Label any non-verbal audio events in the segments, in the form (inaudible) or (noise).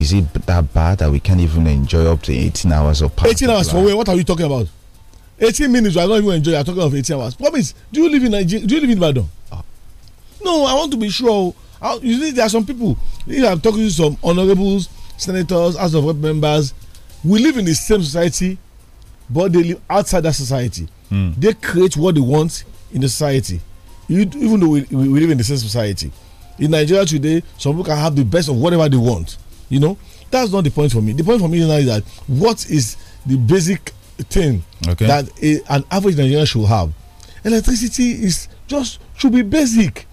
Is it that bad that we can't even enjoy up to 18 hours of power? 18 hours for where? What are you talking about? 18 minutes, I don't even enjoy. I'm talking of 18 hours. Promise, do you live in Nigeria? Do you live in Badon? Ah. No, I want to be sure. I, oh. you see, there are some people, I'm talking to some honorables, senators, as of Rep members. We live in the same society, but they live outside that society. Mm. They create what they want in the society, you, even though we, we live in the same society. In Nigeria today, some people can have the best of whatever they want you know, that's not the point for me. The point for me now is that what is the basic thing okay. that a, an average Nigerian should have? Electricity is just should be basic.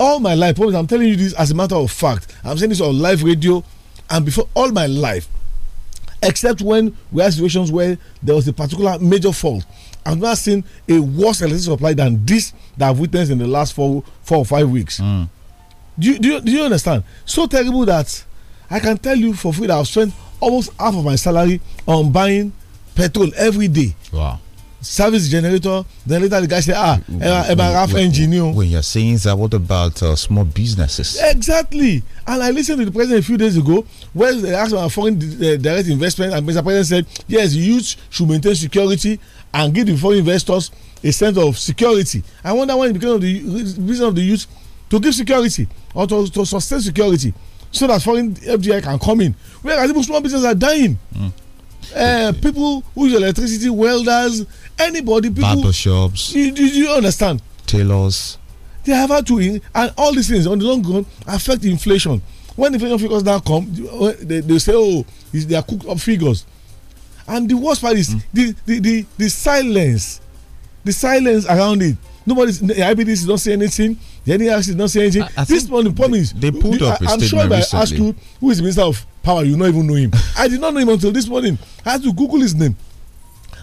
All my life, I'm telling you this as a matter of fact. I'm saying this on live radio, and before all my life, except when we had situations where there was a particular major fault. I've not seen a worse electricity supply than this that I've witnessed in the last four, four or five weeks. Mm. Do, do, you, do you understand? So terrible that I can tell you for free that I've spent almost half of my salary on buying petrol every day. Wow. Service generator, then later the guy said, ah, about eh, eh, half engineer. When you're saying that, what about uh, small businesses? Exactly. And I listened to the president a few days ago where they asked about foreign uh, direct investment, and Mr. President said, yes, youth should maintain security and give the foreign investors a sense of security. I wonder when it became of the reason of the youth to give security or to, to sustain security so that foreign FDI can come in. Whereas the small businesses are dying. Mm. Uh, okay. People who use electricity, welders, anybody, people. Barber shops. You, you, you understand? Tailors. They have had to, and all these things on the long run affect inflation. When inflation figures now come, they, they say, oh, they are cooked up figures. And the worst part is mm. the, the, the, the silence, the silence around it. Nobody, the IBDC don't say anything. The NERC don't say anything. I, I this one, the problem is they pulled up. I, I'm sure if I recently. asked you who is the minister of power, you don't even know him. (laughs) I did not know him until this morning. I had to Google his name.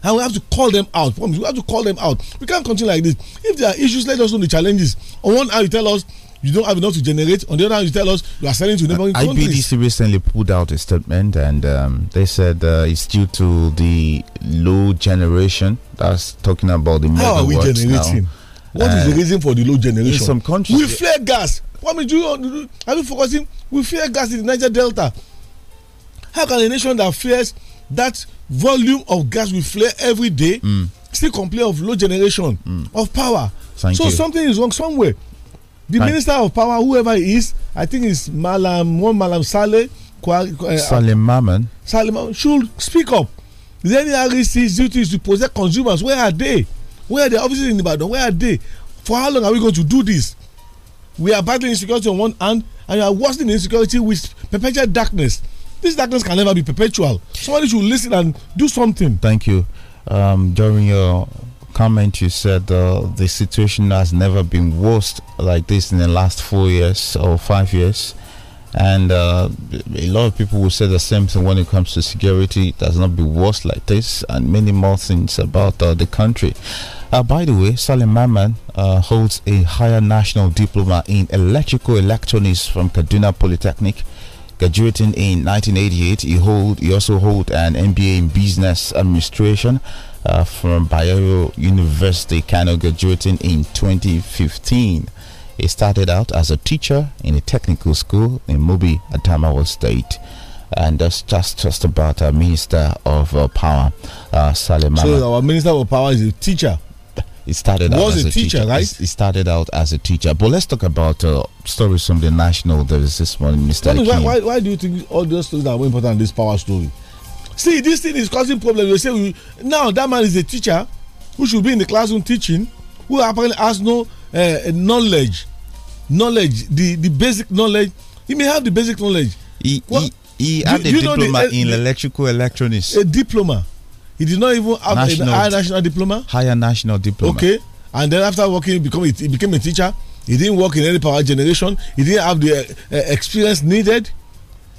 And we have to call them out. Promise, we have to call them out. We can't continue like this. If there are issues, let us know the challenges. On one hand, you tell us you don't have enough to generate. On the other hand, you tell us you are selling to neighboring IBDC countries. IBDC recently pulled out a statement and um, they said uh, it's due to the low generation. That's talking about the How are we generating? Now what uh, is the eh, reason for the low generation? In some countries, we fear gas. What mean, do you, are you focusing? We fear gas in the Niger Delta. How can a nation that fears that volume of gas we flare every day mm. still complain of low generation mm. of power? Thank so you. something is wrong somewhere. The Thank minister of power, whoever he is, I think it's Malam one Malam Saleh. Uh, Salim Maman. Salim should speak up. The NRC's duty is to protect consumers. Where are they? where are the offices in Ibadan where are they for how long are we going to do this we are battling insecurity on one hand and we are worsening insecurity with perpetual darkness this darkness can never be perpetual somebody should listen and do something. thank you um, during your comment you said uh, the situation has never been worse like this in the last four years or five years and uh, a lot of people will say the same thing when it comes to security it has not been worse like this and many more things about uh, the country uh, by the way, Salim Maman uh, holds a higher national diploma in electrical electronics from Kaduna Polytechnic. Graduating in 1988, he, hold, he also holds an MBA in business administration uh, from Bayero University, Kano, graduating in 2015. He started out as a teacher in a technical school in Mobi, Adamawa State and that's just just about our uh, minister of uh, power, uh, Salimama. So our minister of power is a teacher he started was out as a, a teacher, teacher, right? He started out as a teacher. But let's talk about uh, stories from the national. There is this one, Mr. Why, why, why, do you think all those stories are more important than this power story? See, this thing is causing problems. You say we, now that man is a teacher who should be in the classroom teaching, who apparently has no uh, knowledge, knowledge, the the basic knowledge. He may have the basic knowledge. He, what? he, he had do, a diploma the, uh, in electrical electronics. A diploma he did not even have national, a higher national diploma. Higher national diploma. Okay. And then after working, become he became a teacher. He didn't work in any power generation. He didn't have the uh, experience needed.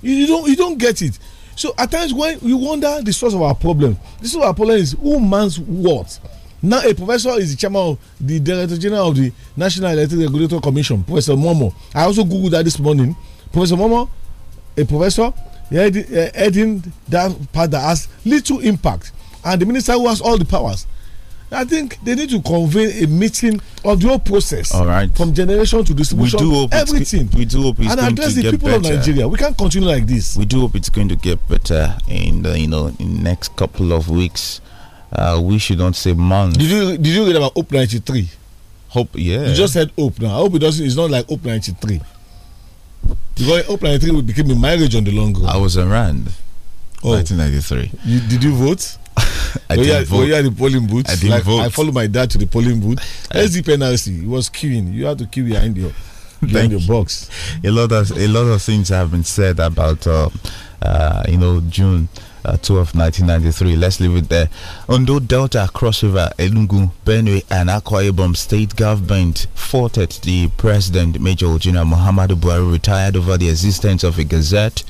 You, you, don't you don't get it. So at times when you wonder the source of our problem, this is our problem is who man's what. Now a professor is the chairman of the director general of the National Electric Regulatory Commission, Professor Momo. I also googled that this morning. Professor Momo, a professor, adding eh, heading that part that has little impact and the minister who has all the powers. I think they need to convene a meeting of the whole process. All right. From generation to distribution. We do hope everything. We do hope it's and going address to the get people better. of Nigeria. We can't continue like this. We do hope it's going to get better in the you know in next couple of weeks. Uh, we should not say months. Did you did you read about Hope ninety three? Hope yeah. You just said Hope now. I hope it doesn't. It's not like Hope ninety three. Because Hope ninety three became a marriage on the long run. I was around. Oh. 1993. You, did you vote? I were, the polling booth? I didn't like, vote. I followed my dad to the polling booth. That's the penalty. He was queuing. You had to queue behind your behind your box. A lot of a lot of things have been said about uh, uh, you know June. Uh, 12, 1993. Let's leave it there. Ondo Delta Crossover, Elungu, Benue, and Akwa Ibom state government faulted the president, Major General Muhammadu Buhari, retired over the existence of a gazette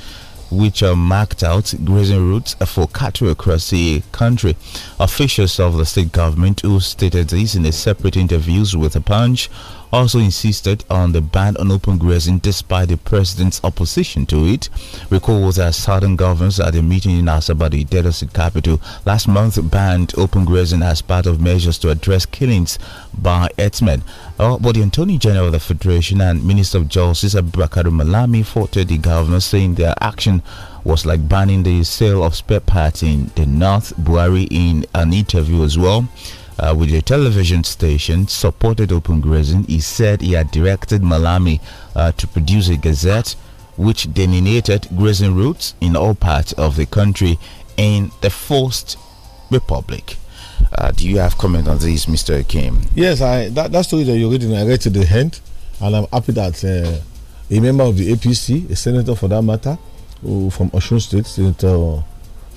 which are marked out grazing routes for cattle across the country. Officials of the state government who stated this in a separate interviews with a punch also insisted on the ban on open grazing despite the president's opposition to it. Recall that southern governors at a meeting in Asabadi, Delta State capital, last month banned open grazing as part of measures to address killings by herdsmen. Uh, but the Attorney General of the Federation and Minister of Justice Abubakar Malami faulted the governor, saying their action was like banning the sale of spare parts in the North Buhari in an interview as well uh, with a television station supported open grazing. He said he had directed Malami uh, to produce a gazette which delineated grazing routes in all parts of the country in the First Republic. Uh, do you have comment on this, Mr. Akim? Yes, I that, that story that you're reading, I read to the end, and I'm happy that uh, a member of the APC, a senator for that matter, who, from Osun State, Senator,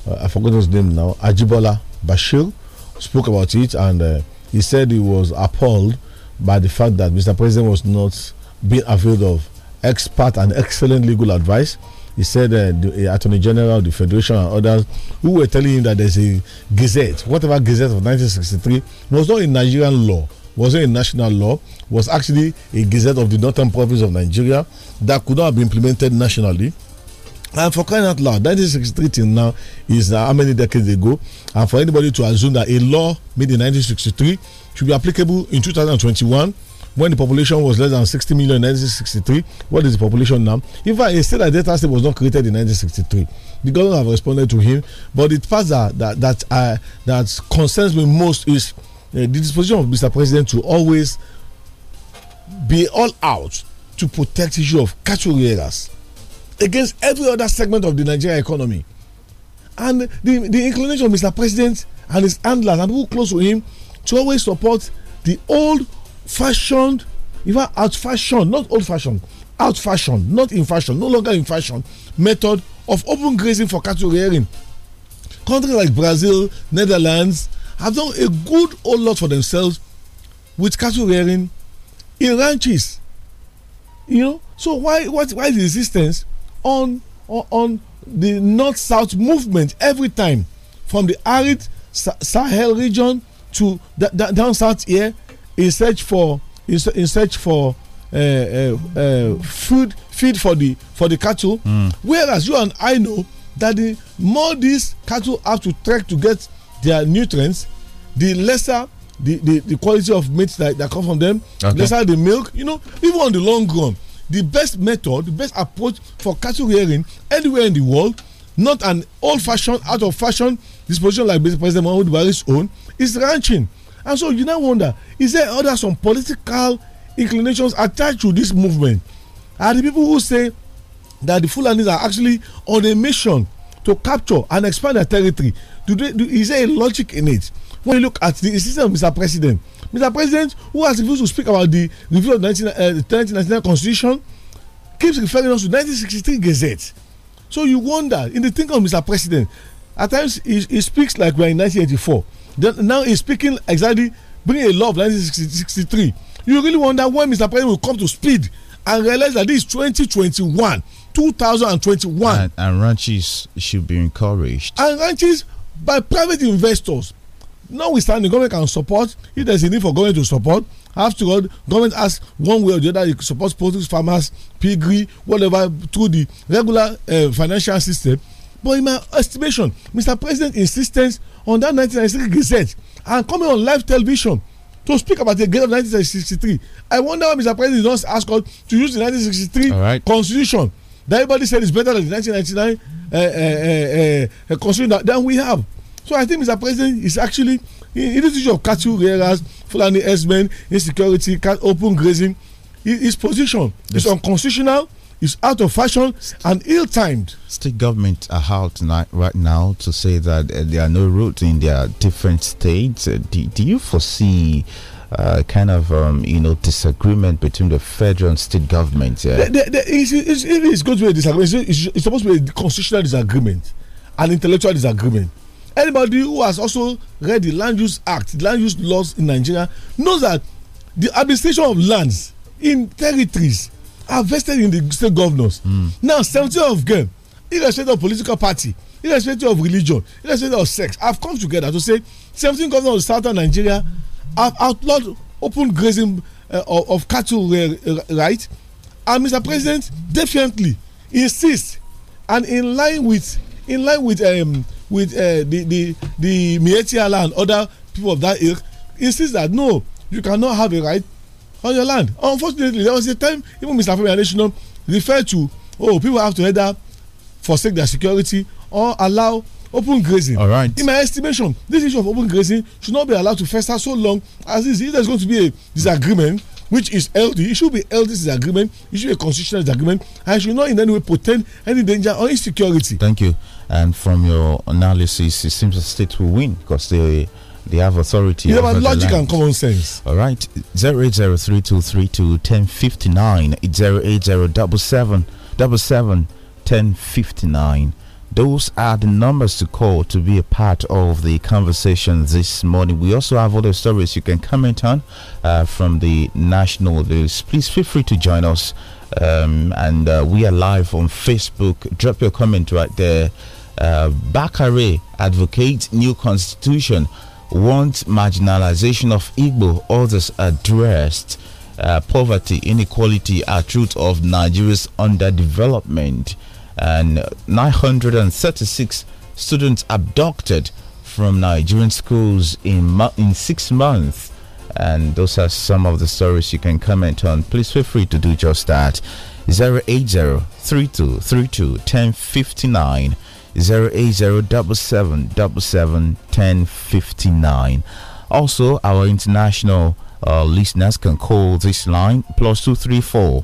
uh, I forgot his name now, Ajibola Bashir, spoke about it and uh, he said he was appalled by the fact that Mr. President was not being availed of expert and excellent legal advice. He said uh, the uh, Attorney General, the Federation, and others who were telling him that there's a gazette, whatever gazette of 1963, was not a Nigerian law, was not a national law, was actually a gazette of the northern province of Nigeria that could not have been implemented nationally and for crying out loud, 1963 now is uh, how many decades ago? And for anybody to assume that a law made in 1963 should be applicable in 2021 when the population was less than 60 million in 1963, what is the population now? In fact, said that data state was not created in 1963. The government have responded to him, but the fact that that that, uh, that concerns me most is uh, the disposition of Mr. President to always be all out to protect the issue of cattle raiders against every other segment of the Nigerian economy. And the, the inclination of Mr. President and his handlers and people close to him to always support the old fashioned, even out fashioned, not old fashioned, out fashioned, not in fashion, no longer in fashion, method of open grazing for cattle rearing. Countries like Brazil, Netherlands have done a good old lot for themselves with cattle rearing in ranches. You know, so why what why the resistance on, on, the north south movement every time from the arid Sahel region to down south here in search for in, search for uh, uh, uh, food feed for the for the cattle. Mm. Whereas you and I know that the more these cattle have to trek to get their nutrients, the lesser the, the, the quality of meat that, that come from them, okay. lesser the milk. You know, even on the long run, the best method, the best approach for cattle rearing anywhere in the world, not an old fashioned, out of fashion disposition like President Mahmoud Buhari's own, is ranching. And so you now wonder is there other some political inclinations attached to this movement? Are the people who say that the Fulanis are actually on a mission to capture and expand their territory? Do they, do, is there a logic in it? When you look at the system, Mr. President, Mr. President, who has refused to speak about the review of the 1999 uh, Constitution, keeps referring us to 1963 Gazette. So you wonder, in the thinking of Mr. President, at times he, he speaks like we're in 1984. Then, now he's speaking exactly bringing a law of 1963. You really wonder when Mr. President will come to speed and realize that this is 2021, 2021. And, and ranches should be encouraged. And ranches by private investors, notwithstanding government can support if there is a need for government to support after all government has one way or the other to support poultry farmers piggery whatever through the regular uh, financial system but in my estimation mr president insistence on that 1996 Gazette and coming on live television to speak about the grade of 1963 i wonder why mr president don't ask us to use the 1963 right. constitution that everybody said is better than the 1999 uh, eh, uh, eh, uh, constitution that, that we have so I think Mr. President is actually in the issue of cattle rearers, Fulani herdsmen, insecurity, open grazing, his position is unconstitutional, is out of fashion, and ill-timed. State government are out right now to say that uh, there are no roads in their different states. Uh, do, do you foresee? Uh, kind of um, you know disagreement between the federal and state governments? Yeah, the, the, the, it's, it's, it's, going to be a disagreement. It's, it's, supposed to be a constitutional disagreement, an intellectual disagreement anybody who has also read the land use act the land use laws in nigeria knows that the administration of lands in territories are vested in the state governors. Mm. now seventy of them irrespective of political party irrespective of religion irrespective of sex have come together to say seventeen governors of southern nigeria have outlawed open grazing uh, of, of, cattle uh, right and mr president definitely insists and in line with in line with um, with uh, the the the Mietiala and other people of that ilk insists that no you cannot have a right on your land unfortunately there was a time even Mr. Femi Adesina referred to oh people have to either forsake their security or allow open grazing. All right. In my estimation, this issue of open grazing should not be allowed to fester so long as this. If there's going to be a disagreement which is LD? It should be healthy agreement. It should be a constitutional agreement. I should not in any way pretend any danger or insecurity. Thank you. And from your analysis, it seems the state will win because they they have authority. You have logic and common sense. All right, zero eight zero three two three two ten fifty nine. It's zero eight zero double seven double seven ten fifty nine. Those are the numbers to call to be a part of the conversation this morning. We also have other stories you can comment on uh, from the national news. Please feel free to join us. Um, and uh, we are live on Facebook. Drop your comment right there. Uh, Bakare advocates new constitution, wants marginalization of Igbo, others addressed. Uh, poverty, inequality are truth of Nigeria's underdevelopment and 936 students abducted from Nigerian schools in, in six months. And those are some of the stories you can comment on. Please feel free to do just that. 080 3232 1059 080 Also, our international uh, listeners can call this line plus 234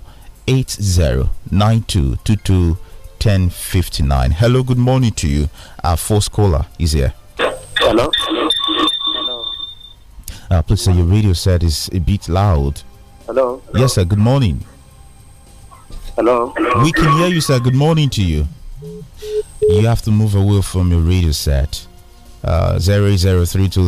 1059. Hello, good morning to you. Our first caller is here. Hello. Hello. Uh, please say your radio set is a bit loud. Hello. Hello. Yes, sir. Good morning. Hello. We can hear you, sir. Good morning to you. You have to move away from your radio set. Uh, 1059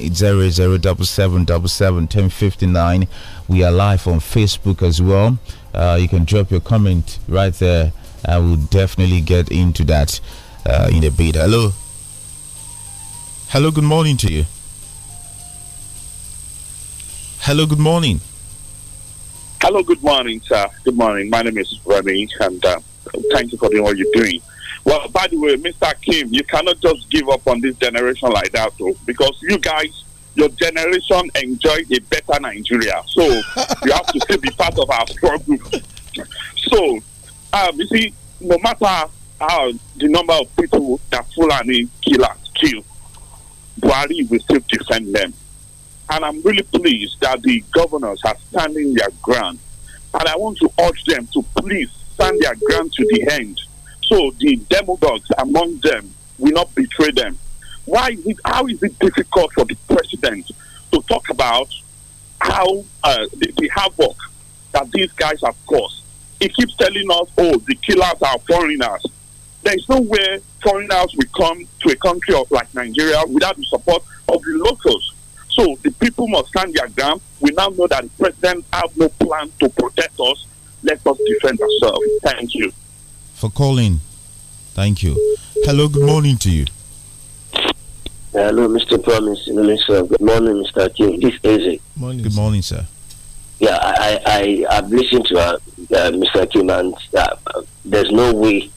it's 007777 1059 we are live on facebook as well uh, you can drop your comment right there. I will definitely get into that uh, in a bit. Hello. Hello, good morning to you. Hello, good morning. Hello, good morning, sir. Good morning. My name is Rami, and uh, thank you for doing what you're doing. Well, by the way, Mr. Kim, you cannot just give up on this generation like that, though, because you guys your generation enjoyed a better Nigeria. So you have to still be part of our struggle. So, um, you see, no matter how the number of people that Fulani killers kill, Buhari will still defend them. And I'm really pleased that the governors are standing their ground. And I want to urge them to please stand their ground to the end. So the demagogues among them will not betray them. Why is it, how is it difficult for the president to talk about how uh, the, the havoc that these guys have caused? He keeps telling us, oh, the killers are foreigners. There is no way foreigners will come to a country of like Nigeria without the support of the locals. So the people must stand their ground. We now know that the president have no plan to protect us. Let us defend ourselves. Thank you. For calling. Thank you. Hello, good morning to you. Hello, Mr. Promise, Good morning, Mr. King. This is it. Morning. Good morning, sir. Yeah, I, I, I've listened to uh, uh, Mr. Kim, and uh, there's no way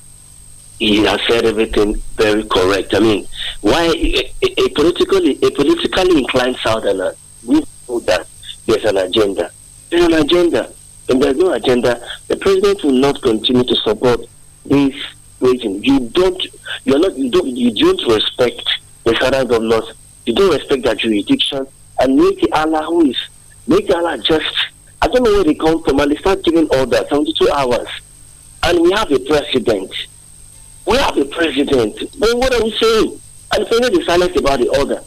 he has said everything very correct. I mean, why a, a politically a politically inclined Southerner uh, we know that there's an agenda. There's an agenda, and there's no agenda. The president will not continue to support this regime. You don't, you're not, you don't, you don't respect the fathers of not? they don't respect their jurisdiction and make the Allah who is, make Allah just. I don't know where they come from and they start giving order 72 hours. And we have a president. We have a president. But what are we saying? And finally, they silent about the order.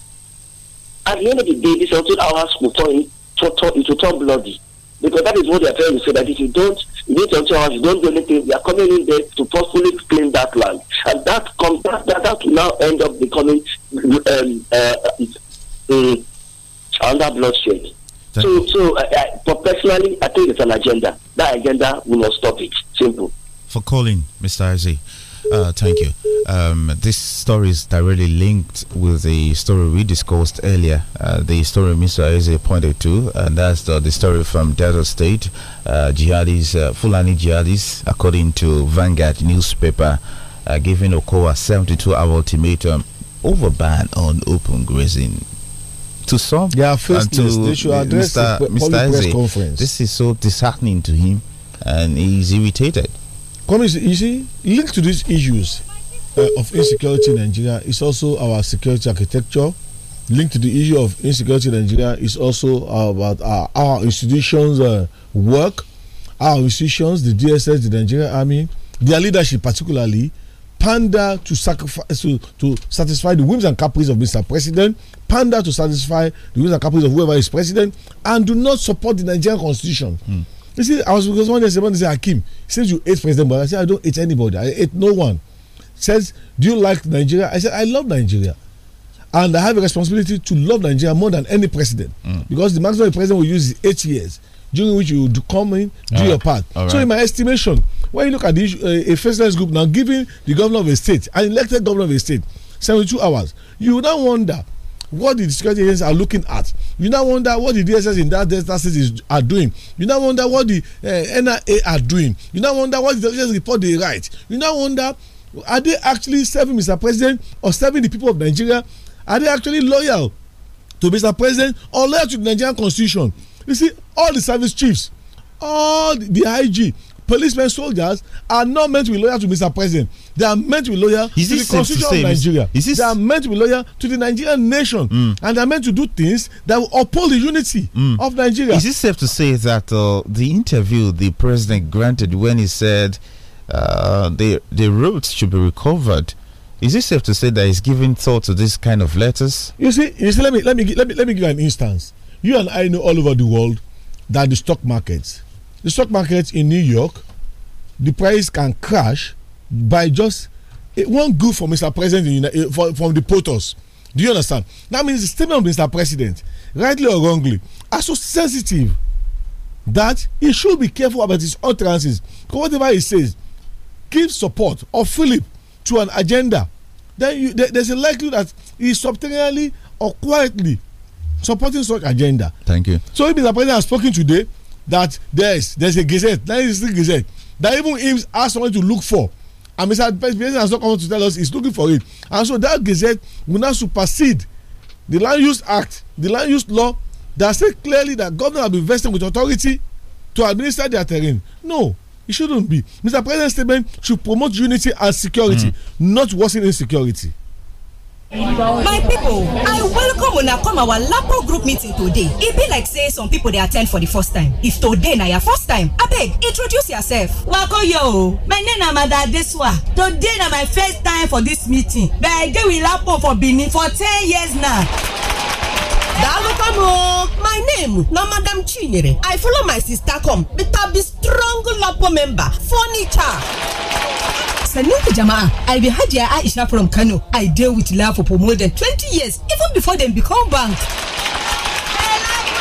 At the end of the day, these 72 hours will turn, turn, turn, it will turn bloody. Because that is what they are trying to say, that if you don't, you need to hours, you don't do anything, they are coming in there to forcefully claim that land. And that comes, that, that, that will now end up becoming um, uh, um, under bloodshed. so, so uh, I, personally, I think it's an agenda. That agenda will not stop it. Simple. For calling, Mr. Isaac. Uh, thank you. Um, this story is directly linked with the story we discussed earlier. Uh, the story Mr. Eze pointed to, and that's the, the story from Delta State. Uh, jihadis, uh, Fulani jihadis, according to Vanguard newspaper, uh, giving Okoa 72 hour ultimatum over ban on open grazing to some yeah, first to they should address Mr. Mr. Eze, this is so disheartening to him and he's irritated Come you see, linked to these issues uh, of insecurity in Nigeria is also our security architecture. Linked to the issue of insecurity in Nigeria is also about our, our institutions' uh, work, our institutions, the DSS, the Nigerian Army, their leadership, particularly, pander to sacrifice to, to satisfy the whims and caprices of Mr. President, pander to satisfy the whims and caprices of whoever is president, and do not support the Nigerian Constitution. Hmm. You see, I was because one day someone said, "Akim, he says you hate President but I said, I don't hate anybody. I hate no one. Says, do you like Nigeria? I said, I love Nigeria. And I have a responsibility to love Nigeria more than any president. Mm. Because the maximum president will use eight years, during which you come in, do your part. so, in my estimation, when you look at the, uh, a faceless group now giving the governor of a state, an elected governor of a state, 72 hours, you would not wonder what the security agents are looking at you now wonder what the dss in that delta state is are doing you now wonder what the uh, eh, nia are doing you now wonder what the intelligence report they write you now wonder are they actually serving mr president or serving the people of nigeria are they actually loyal to mr president or loyal to the nigerian constitution you see all the service chiefs all the, the ig policemen, soldiers are not meant to be loyal to Mr. President. They are meant to be loyal to the constitution to of Nigeria. Is they are meant to be loyal to the Nigerian nation. Mm. And they are meant to do things that will uphold the unity mm. of Nigeria. Is it safe to say that uh, the interview the president granted when he said uh, the, the roads should be recovered? Is it safe to say that he's giving thought to this kind of letters? You see, you see let, me, let, me, let, me, let me give you an instance. You and I know all over the world that the stock markets the stock market in New York, the price can crash by just eh, one good for Mr. President for, from the POTUS. Do you understand? That means the statement of Mr. President, rightly or wrongly, are so sensitive that he should be careful about his utterances. Because whatever he says, give support or Philip to an agenda. Then you, there's a likelihood that he's is subterraneously or quietly supporting such agenda. Thank you. So if Mr. President has spoken today, that there's there's a gazette that is a gazette that even IMS asked someone to look for and Mr. President has not come to tell us he's looking for it and so that gazette will now supersede the land use act the land use law that say clearly that government have been vested with authority to administer their terrain no it shouldn't be Mr. President's statement should promote unity and security mm. not worsen insecurity my people, i welcome una come our lapo group meeting today It be like say some people they attend for the first time if today na your first time beg, introduce yourself. yo, my name is mother adesuwa today na my first time for this meeting but i dey with lapo for benin for ten years now my name na madam chinyere i follow my sister come I be strong lapo member furniture sannin ku jama'a i be hajiya aisha from kano i deal with love for more than 20 years even before them become bank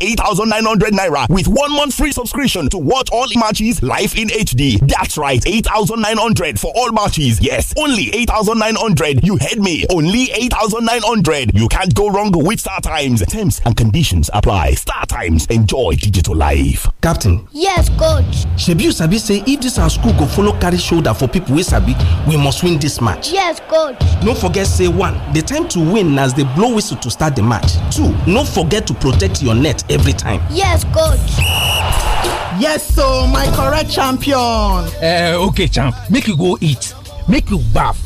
just 8,900 naira with one month free subscription to watch all matches live in HD. That's right, 8,900 for all matches. Yes, only 8,900. You heard me. Only 8,900. You can't go wrong with Star Times. Terms and conditions apply. Star Times. Enjoy digital life. Captain. Yes, coach. Shebi sabi say if this our school go follow carry shoulder for people wey sabi, we must win this match. Yes, coach. No forget say one, the time to win as they blow whistle to start the match. Two, no forget to protect your net every time. Yes, coach. Yes, so my correct champion. Uh, okay, champ. Make you go eat. Make you bath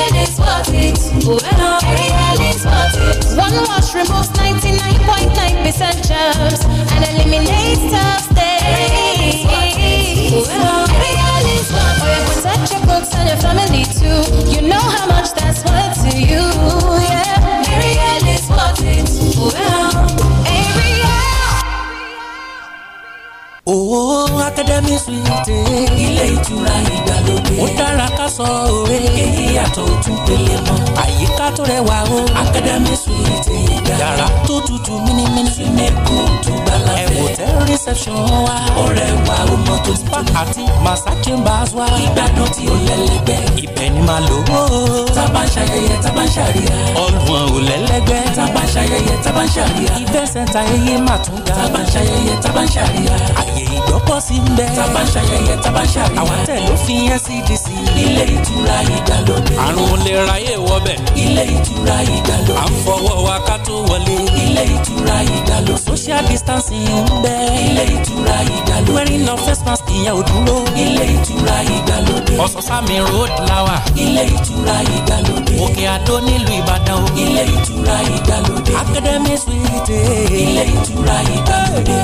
spot it. Well, Ariel is spot it. One wash removes 99.9% germs and eliminates tough stains. Well, Ariel is spot it. Protect your books and your family too. You know how much that's worth. Owó Akademi Suite. Ilé ìtura ìgbàlódé. Ó dára ká sọ òwe. Èyí yàtọ̀ ojú pele mọ́. Àyíká tó rẹwà o. Akademi Suite ìgbà. Yàrá tó tutù mímímí. Sinmi reception wa. ọ̀rẹ́ wa ó mọ tó spa àti massa chambers wa. ìgbádùn tí ó lẹ́lẹ́gbẹ́. ibẹ̀ ni màá lò ó. tábà ń ṣayẹyẹ tábà ń ṣàríyá. ọlùwọ̀n ò lẹ́lẹ́gbẹ́. tábà ń ṣayẹyẹ tábà ń ṣàríyá. ìfẹ́ sẹ́ńtà ẹyẹ mà tún ga. tábà ṣayẹyẹ tábà ń àyè ìgbọ́pọ̀ sí ń bẹ. tábà ṣayẹyẹ tábà ń àwọn tẹ̀ ló fi NCDC ilé ìtura ìdàlódé. àrùn olè ráyè wọbẹ̀. ilé ìtura ìdàlódé. à ń fọwọ́ wa ká tó wọlé. ilé ìtura ìdàlódé. social distancing ń bẹ. ilé ìtura ìdàlódé. wearing no face mask ìyẹn ò dúró. ilé ìtura ìdàlódé. ọ̀sán-sámi road lawa. ilé ìtura ìdàlódé. òkè àdó nílùú ìbàdàn o. ilé ìtura ìdàlódé. academy suite. ilé ìtura ìdàlódé.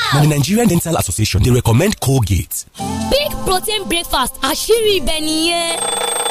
the nigerian dental association They recommend colgate. big protein breakfast Ashiri ibẹ̀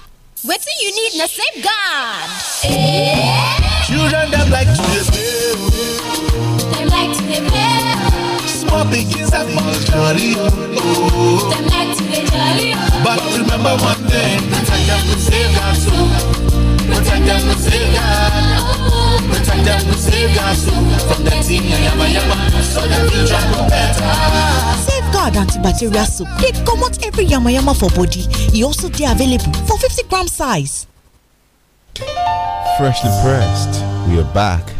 What do you need na God. Children dem like to dey play. Dem like to dey play. Small pikins have must jolly. Dem like to dey jolly. But remember one thing, protect dem save God too. Protect save God safeguard. Protect dem save God too. From that dirty yamayama, so dem future will be better guard antibacterial soap come out every yamayama for body It also there available for 50 gram size. freshly pressed we are back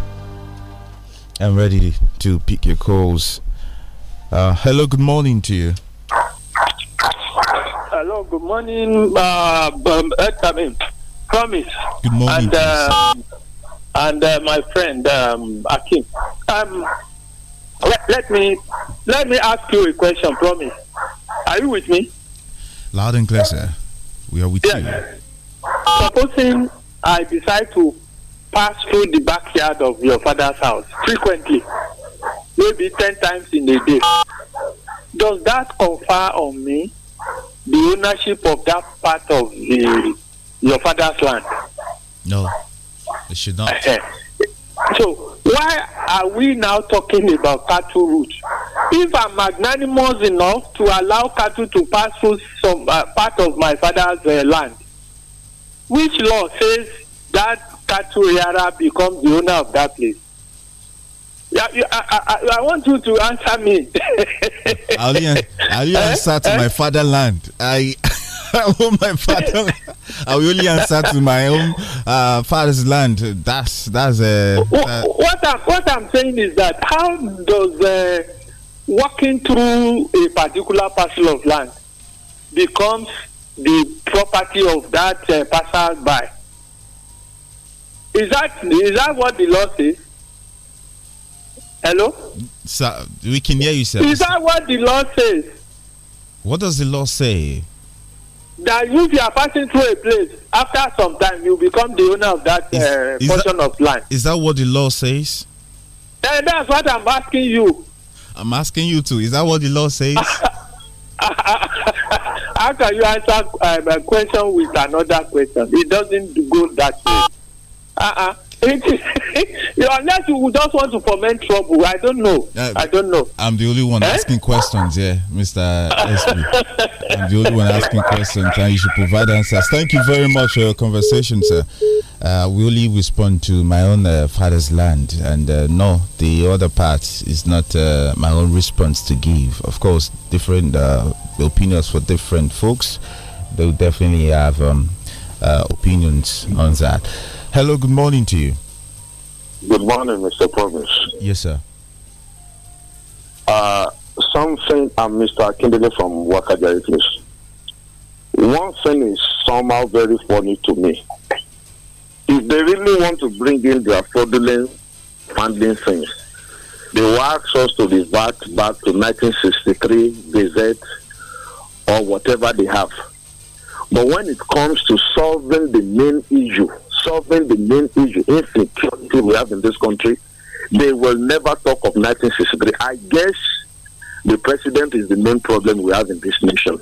and ready to pick your calls uh, hello good morning to you hello good morning uh, um, I promise good morning and, uh, and uh, my friend um, um, let, let me let me ask you a question, promise. Are you with me? Loud and clear, sir. We are with yes. you. Supposing I decide to pass through the backyard of your father's house frequently, maybe 10 times in a day, does that confer on me the ownership of that part of the, your father's land? No, it should not. so, why are we now talking about cattle route if i'm magnanimous enough to allow cattle to pass through some uh, part of my father's uh, land which law says that cattle yara becomes the owner of that place yeah, I, I, I, want you to answer me. I'll, I'll answer to my eh? fatherland. I. (laughs) whom my father. I will only answer to my own uh, father's land. That's that's a. uh, what I'm what I'm saying is that how does uh, walking through a particular parcel of land becomes the property of that uh, by? Is that is that what the law says? Hello. Sir, we can hear you, sir. Is that what the law says? What does the law say? that if you are passing through a place after some time you become the owner of that is, uh, is portion that, of land. is that what the law says. Then eh, that's what i'm asking you. i'm asking you too is that what the law says. (laughs) how can you answer uh, um, my question with another question it doesn't go that way. Uh -uh unless you just want to foment trouble i don't know uh, i don't know i'm the only one eh? asking questions yeah mr SP. (laughs) i'm the only one asking questions and you should provide answers thank you very much for your conversation sir uh, we only respond to my own uh, father's land and uh, no the other part is not uh, my own response to give of course different uh, opinions for different folks they'll definitely have um, opinions on that Hello, good morning to you. Good morning, Mr. Promise. Yes, sir. Uh, something I'm uh, Mr. Kindele from Wakajari, please. One thing is somehow very funny to me. If they really want to bring in their fraudulent funding things, they will ask us to revert back to 1963 visit or whatever they have. But when it comes to solving the main issue, solving the main issue, insecurity we have in this country, they will never talk of 1963. I guess the president is the main problem we have in this nation.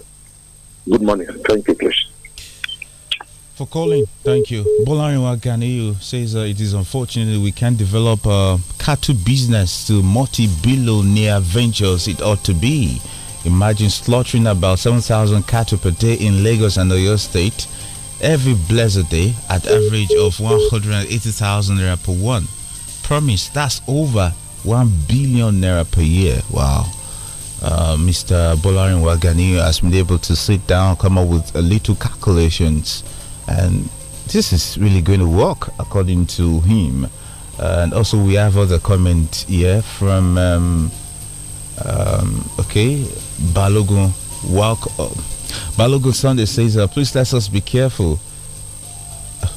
Good morning. Thank you, please. For calling, thank you. Bolariwa Ganiyu says uh, it is unfortunate we can't develop a cattle business to multi-billionaire ventures it ought to be. Imagine slaughtering about 7,000 cattle per day in Lagos and Oyo State every blessed day at average of 180,000 naira per one. Promise that's over 1 billion naira per year. Wow. Uh, Mr. Bolarin Wagani has been able to sit down, come up with a little calculations, and this is really going to work according to him. and also, we have other comment here from um, um, okay, Balogun. Welcome. Balogun Sunday says, uh, please let us be careful.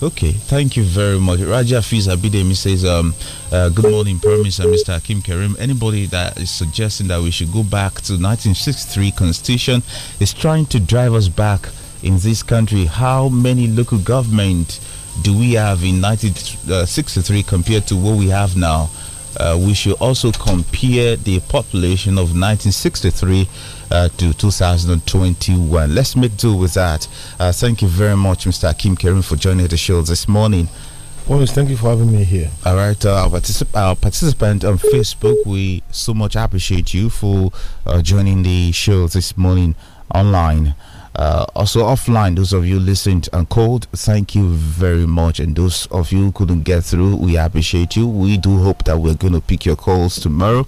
Okay, thank you very much. Raja Fiz Abidemi says, um, uh, Good morning, Prime Minister Mr. Akim Karim. Anybody that is suggesting that we should go back to 1963 Constitution is trying to drive us back in this country. How many local government do we have in 1963 compared to what we have now? Uh, we should also compare the population of 1963 uh, to 2021. Let's make do with that. Uh, thank you very much, Mr. Akim Kerim, for joining the show this morning. Always, thank you for having me here. All right, uh, our, particip our, participant on Facebook, we so much appreciate you for uh, joining the show this morning online. Uh, also offline those of you listened and called thank you very much and those of you couldn't get through we appreciate you we do hope that we're going to pick your calls tomorrow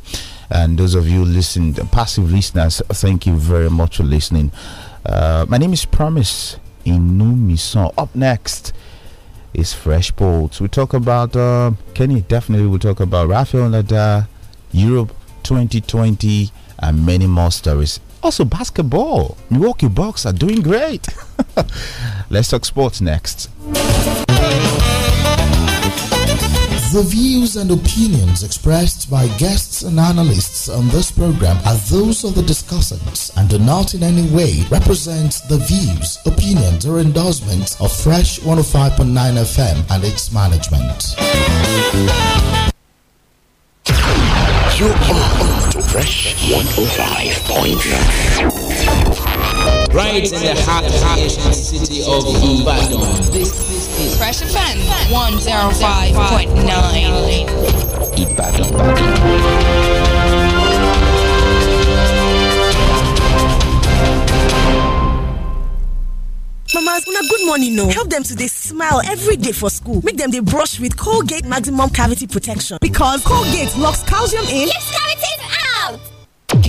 and those of you listening, passive listeners, thank you very much for listening. Uh, my name is Promise Inumison. Up next is Fresh Bolts. We talk about uh, Kenny, definitely we'll talk about Rafael Nadal, Europe 2020, and many more stories. Also, basketball. Milwaukee Bucks are doing great. (laughs) Let's talk sports next. The views and opinions expressed by guests and analysts on this program are those of the discussants and do not in any way represent the views, opinions, or endorsements of Fresh 105.9 FM and its management. You are on to Fresh 105.9 right in the hot city of Ibadan. Fresh offense 105.9 Ibadan. Mamas, una good morning, no. Help them to they smile every day for school. Make them they brush with Colgate Maximum Cavity Protection because Colgate locks calcium in. Yes,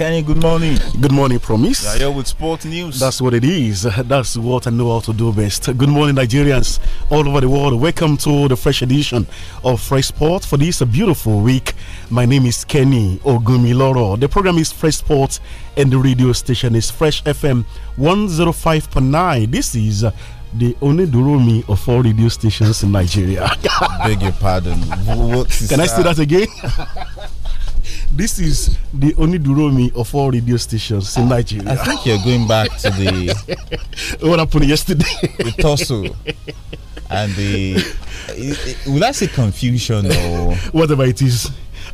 Kenny, good morning. Good morning, Promise. Yeah, here with Sport News. That's what it is. That's what I know how to do best. Good morning, Nigerians all over the world. Welcome to the fresh edition of Fresh Sport for this beautiful week. My name is Kenny Ogumiloro. The program is Fresh Sport and the radio station is Fresh FM 105.9. This is the only Durumi of all radio stations in Nigeria. (laughs) Beg your pardon. Can I say that again? (laughs) this is the only Duromi of all radio stations in ah, Nigeria. I think you're going back to the (laughs) what happened yesterday. The tussle and the will I say confusion or whatever it is.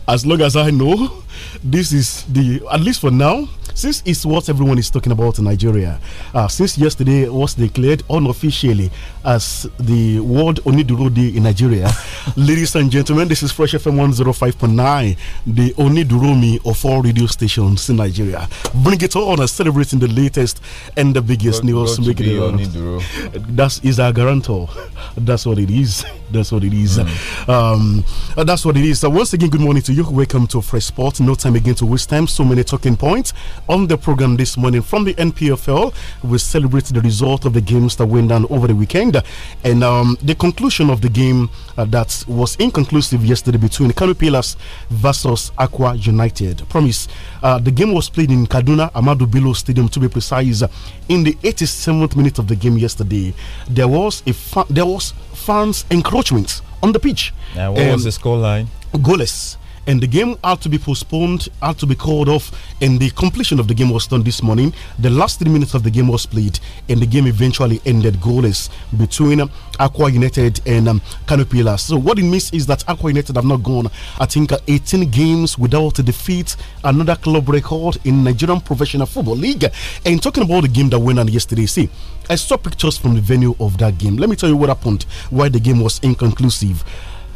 As long as I know, this is the at least for now since it's what everyone is talking about in Nigeria, uh, since yesterday was declared unofficially as the World Oniduro Day in Nigeria, (laughs) ladies and gentlemen, this is Fresh FM 105.9, the Onidurumi of all radio stations in Nigeria. Bring it on and celebrating the latest and the biggest news. God making it That is our guarantor. That's what it is. (laughs) That's what it is. Mm. Um, uh, that's what it is. So once again, good morning to you. Welcome to Fresh Sport. No time again to waste time. So many talking points on the program this morning from the NPFL. We celebrate the result of the games that went down over the weekend and um, the conclusion of the game uh, that was inconclusive yesterday between Kano Pillars versus Aqua United. Promise, uh, the game was played in Kaduna Amadu Bello Stadium to be precise. In the 87th minute of the game yesterday, there was a there was fans encroachment on the pitch. Now, what um, was the scoreline? line? Goalless and the game had to be postponed, had to be called off, and the completion of the game was done this morning. The last three minutes of the game was played, and the game eventually ended goalless between Aqua United and um, Canopilas. So what it means is that Aqua United have not gone, I think, uh, 18 games without a defeat, another club record in Nigerian Professional Football League. And talking about the game that went on yesterday, see, I saw pictures from the venue of that game. Let me tell you what happened, why the game was inconclusive.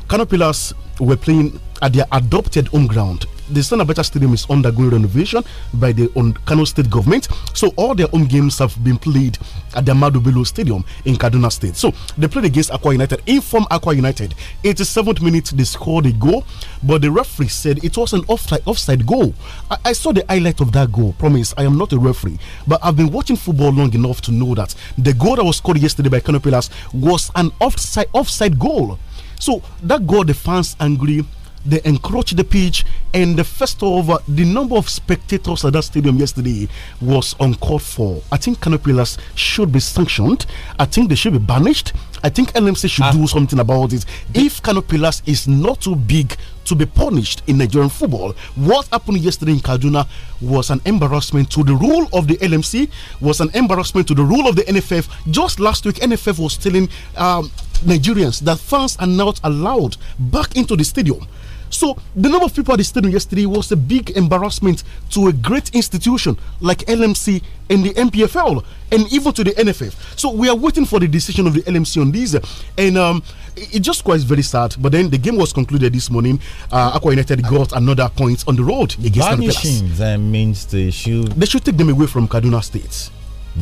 Canopilas were playing at their adopted home ground. The Sanabeta Stadium is undergoing renovation by the Kano State government, so all their home games have been played at the Madubelo Stadium in Kaduna State. So they played against Aqua United. Inform Aqua United, 87th minute they scored a goal, but the referee said it was an offside, offside goal. I, I saw the highlight of that goal. Promise, I am not a referee, but I've been watching football long enough to know that the goal that was scored yesterday by Kano Pillars was an offside offside goal. So that got the fans angry they encroached the pitch, and the first over, the number of spectators at that stadium yesterday was uncalled for. I think Canopilas should be sanctioned. I think they should be banished. I think NMC should uh, do something about it. If Canopilas is not too big to be punished in Nigerian football. What happened yesterday in Kaduna was an embarrassment to the rule of the LMC, was an embarrassment to the rule of the NFF. Just last week, NFF was telling um, Nigerians that fans are not allowed back into the stadium so the number of people at the stadium yesterday was a big embarrassment to a great institution like LMC and the MPFL and even to the NFF. So we are waiting for the decision of the LMC on this. And um, it just quite very sad. But then the game was concluded this morning. Uh, Aqua United got another point on the road against Vanishing, That means they should they should take them away from Kaduna State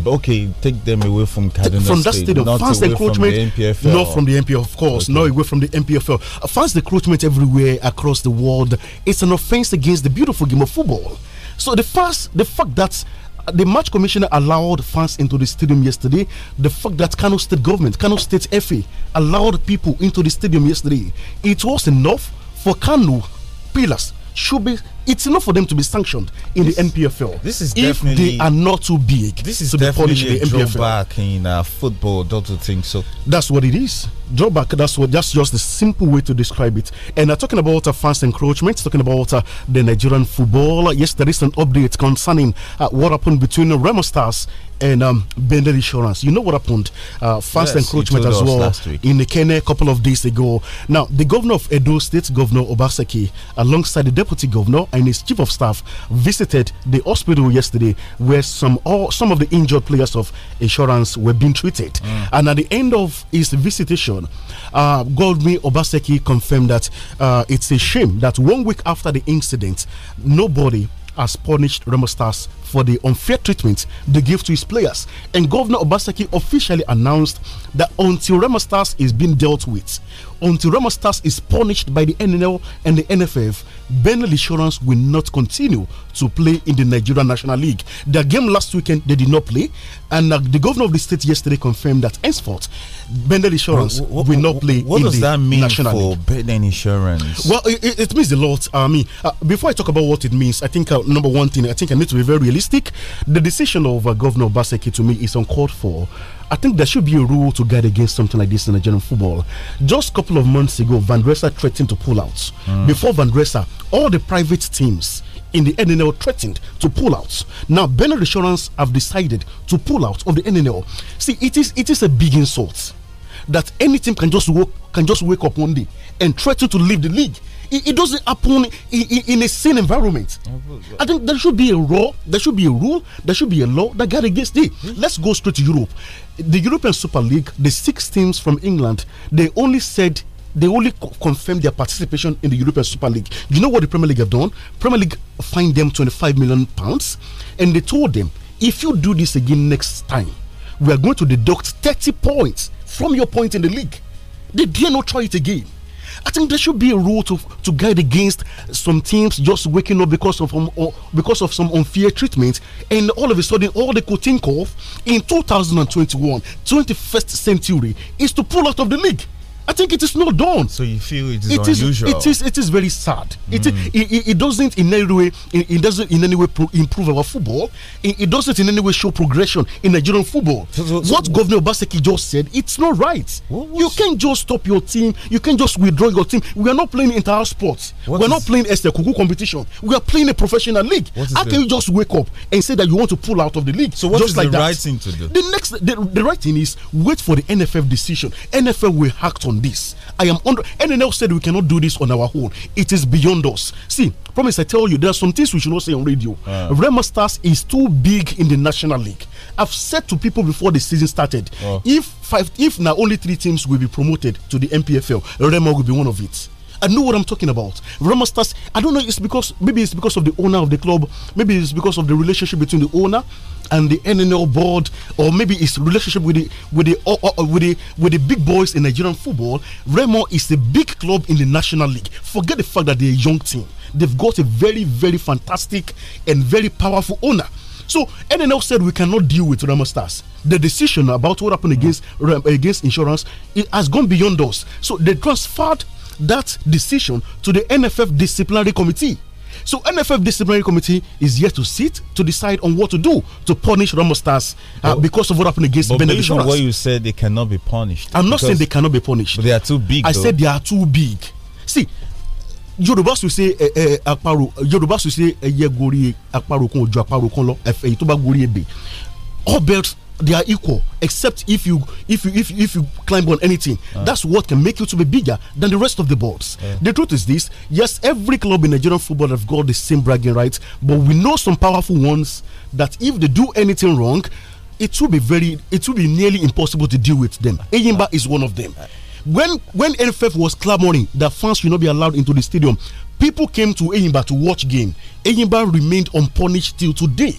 okay, take them away from Cardinal from that stadium. Not fans encroachment, from not from the MPF, of course, okay. not away from the MPFL. Uh, fans encroachment everywhere across the world. It's an offense against the beautiful game of football. So the fans, the fact that uh, the match commissioner allowed fans into the stadium yesterday. The fact that Kano State government, Kano State FA, allowed people into the stadium yesterday, it was enough for Kano pillars should be it's enough for them to be sanctioned in this, the NPFL. This is if they are not too big. This is to definitely be punished back in uh, football. Don't you think so? That's what it is. Drawback. That's what. That's just the simple way to describe it. And uh, talking about uh, fast encroachment, talking about uh, the Nigerian football. Uh, yes, there is an update concerning uh, what happened between the Remo Stars and um, Bender Insurance. You know what happened? Uh, fast yes, encroachment as well in the Kenya a couple of days ago. Now, the governor of Edo State, Governor Obaseki, alongside the deputy governor and his chief of staff visited the hospital yesterday where some all, some of the injured players of insurance were being treated. Mm. And at the end of his visitation, uh, Goldme Obaseki confirmed that uh, it's a shame that one week after the incident, nobody has punished Remo Stars for the unfair treatment they gave to his players. And Governor Obaseki officially announced that until Remo Stars is being dealt with, until Roma Stars is punished by the NNL and the NFF, Benel Insurance will not continue to play in the Nigerian National League. Their game last weekend, they did not play, and uh, the governor of the state yesterday confirmed that henceforth, Benel Insurance what, what, will not play what, in the National League. What does that mean for Benel Insurance? Well, it, it, means a lot. I uh, mean, uh, before I talk about what it means, I think uh, number one thing, I think I need to be very realistic. The decision of uh, Governor Baseki to me is uncalled for. I think there should be a rule to guard against something like this in Nigerian football. Just a couple of months ago, Van Dresser threatened to pull out. Mm. Before Van Dresser, all the private teams in the NNL threatened to pull out. Now, Bernard Assurance have decided to pull out of the NNL. See, it is it is a big insult that any team can just walk, can just wake up one day and threaten to leave the league it, it doesn't happen in, in, in, a sane environment. I think there should be a law, there should be a rule, there should be a law that guard against it. Let's go straight to Europe. The European Super League, the six teams from England, they only said they only confirmed their participation in the European Super League. You know what the Premier League have done? Premier League fined them 25 million pounds, and they told them, if you do this again next time, we are going to deduct 30 points from your point in the league. They dare not try it again. I think there should be a rule to to guide against some teams just waking up because of um, uh, because of some unfair treatment, and all of a sudden, all they could think of in 2021, 21st century, is to pull out of the league. I think it is not done. So you feel it is it unusual. Is, it is it is very sad. Mm. It, it, it doesn't in any way it, it doesn't in any way improve our football. It, it, doesn't in any way show progression in Nigerian football. So, so, so, what Governor Obaseki just said, it's not right. What, you can't just stop your team. You can't just withdraw your team. We are not playing entire sports. we are not playing Esther Kuku competition. We are playing a professional league. How can you just wake up and say that you want to pull out of the league? So what just is like the that. right thing to do? The next the, the right thing is wait for the NFF decision. NFF will act on this. I am under. NNL said we cannot do this on our own. It is beyond us. See, promise I tell you, there are some things we should not say on radio. Uh. Ah. Stars is too big in the National League. I've said to people before the season started, uh. if five, if now only three teams will be promoted to the MPFL, Rema will be one of it. I know what I'm talking about. Rama Stars, I don't know, it's because maybe it's because of the owner of the club, maybe it's because of the relationship between the owner and the NNL board, or maybe his relationship with the with the with the with the big boys in Nigerian football, Remo is a big club in the National League. Forget the fact that they're a young team. They've got a very very fantastic and very powerful owner. So NNL said we cannot deal with Remo Stars. The decision about what happened against mm. against insurance it has gone beyond us. So they transferred that decision to the NFF disciplinary committee. So NFF disciplinary committee is yet to sit to decide on what to do to punish Ramostas uh, but, because of what happened against but Benedict. But what you said, they cannot be punished. I'm not saying they cannot be punished. they are too big. I though. said they are too big. See, yorùbá sùn ṣe ẹ eh, eh, àparò yorùbá sùn ṣe ẹyẹ eh, gorí àparò kan ojú àparò kan lọ ẹfẹ yìí gorí ebè all they are equal except if you if you if, if you climb on anything uh. that's what can make you to be bigger than the rest of the boards the truth is this yes every club in nigerian football have got the same bragging rights but we know some powerful ones that if they do anything wrong it will be very it will be nearly impossible to deal with them Eyimba uh. is one of them when when NFF was clamoring that fans should not be allowed into the stadium people came to Eyimba to watch game Eyimba remained unpunished till today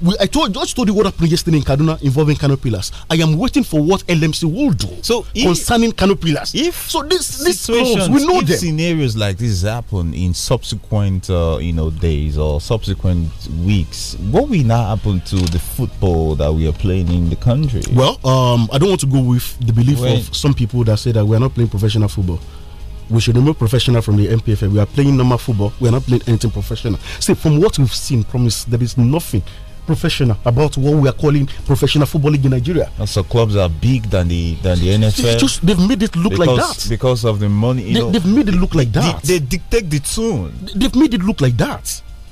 we, I told just told you what happened yesterday in Kaduna involving canopilas. I am waiting for what LMC will do so if, concerning canopilas. If so, this this close, we know that scenarios like this happen in subsequent uh, you know days or subsequent weeks. What will now happen to the football that we are playing in the country? Well, um, I don't want to go with the belief of some people that say that we are not playing professional football we should remove professional from the MPFA. We are playing normal football. We are not playing anything professional. See, from what we've seen, promise there is nothing professional about what we are calling professional football league in Nigeria. And so clubs are big than the than the NFL. Just, they've made it look because, like that because of the money. they, have made it look like that. They, they dictate the tune. They've made it look like that.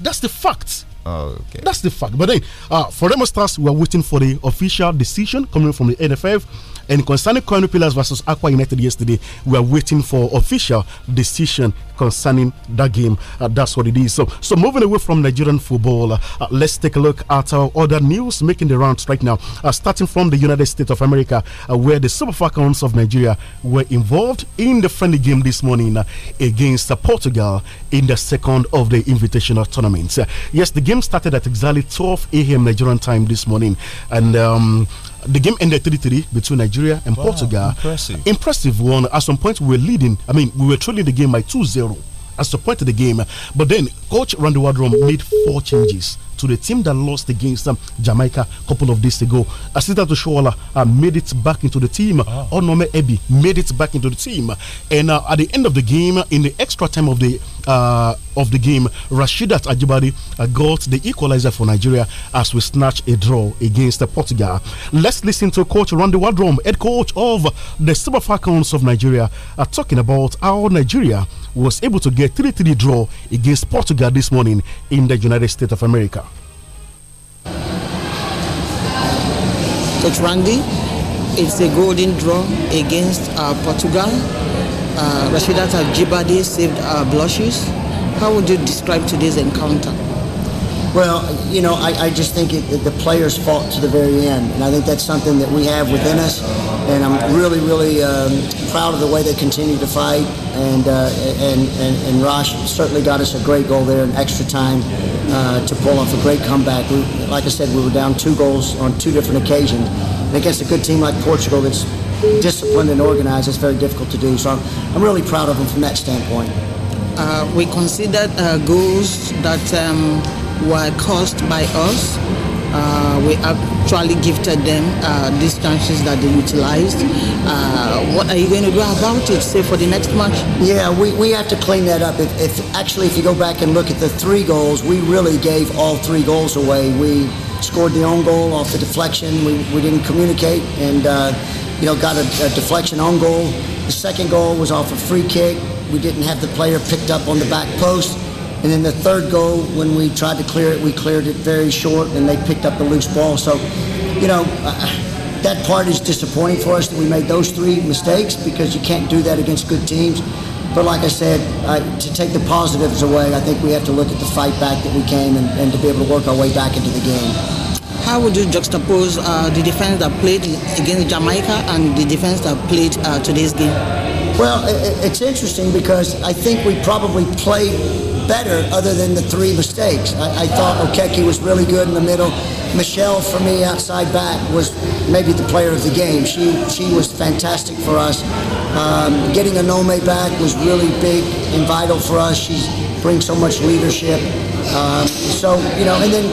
That's the fact okay. That's the fact. But then, uh, for stars, we are waiting for the official decision coming from the NFF. And concerning Kano Pillars versus Aqua United yesterday, we are waiting for official decision concerning that game. Uh, that's what it is. So, so moving away from Nigerian football, uh, uh, let's take a look at other news making the rounds right now. Uh, starting from the United States of America, uh, where the Super Falcons of Nigeria were involved in the friendly game this morning uh, against Portugal in the second of the invitational tournament. yes, the game game started at exactly 12 a.m. Nigerian time this morning, and um, the game ended 3 3 between Nigeria and wow, Portugal. Impressive. Impressive one. At some point, we were leading, I mean, we were trailing the game by 2 0 at the point of the game, but then Coach Randy Wardrum made four changes to the team that lost against um, Jamaica a couple of days ago. Asita Toshola uh, made it back into the team. Oh. Onome Ebi made it back into the team. And uh, at the end of the game, in the extra time of the uh, of the game, Rashidat Ajibadi uh, got the equalizer for Nigeria as we snatch a draw against uh, Portugal. Let's listen to Coach Randy Wadrom, head coach of the Super Falcons of Nigeria, uh, talking about how Nigeria was able to get 3 3 draw against Portugal this morning in the United States of America. Coach Randy, it's a golden draw against uh, Portugal. Uh, Rashidata Jibadi saved our blushes. How would you describe today's encounter? Well, you know, I, I just think it, the players fought to the very end, and I think that's something that we have within us. And I'm really, really um, proud of the way they continue to fight. And, uh, and and and Rosh certainly got us a great goal there in extra time uh, to pull off a great comeback. We, like I said, we were down two goals on two different occasions. And against a good team like Portugal, that's disciplined and organized, it's very difficult to do. So I'm, I'm really proud of them from that standpoint. Uh, we considered uh, goals that. Um were caused by us. Uh, we actually gifted them uh, these chances that they utilized. Uh, what are you going to do about it, say, for the next match? Yeah, we, we have to clean that up. If, if Actually, if you go back and look at the three goals, we really gave all three goals away. We scored the own goal off the deflection. We, we didn't communicate and, uh, you know, got a, a, deflection own goal. The second goal was off a free kick. We didn't have the player picked up on the back post. And then the third goal, when we tried to clear it, we cleared it very short, and they picked up the loose ball. So, you know, uh, that part is disappointing for us that we made those three mistakes because you can't do that against good teams. But like I said, to take the positives away, I think we have to look at the fight back that we came and, and to be able to work our way back into the game. How would you juxtapose uh, the defense that played against Jamaica and the defense that played uh, today's game? Well, it, it's interesting because I think we probably played better other than the three mistakes. I, I thought Okeke was really good in the middle. Michelle, for me, outside back, was maybe the player of the game. She, she was fantastic for us. Um, getting Anome back was really big and vital for us. She brings so much leadership. Um, so, you know, and then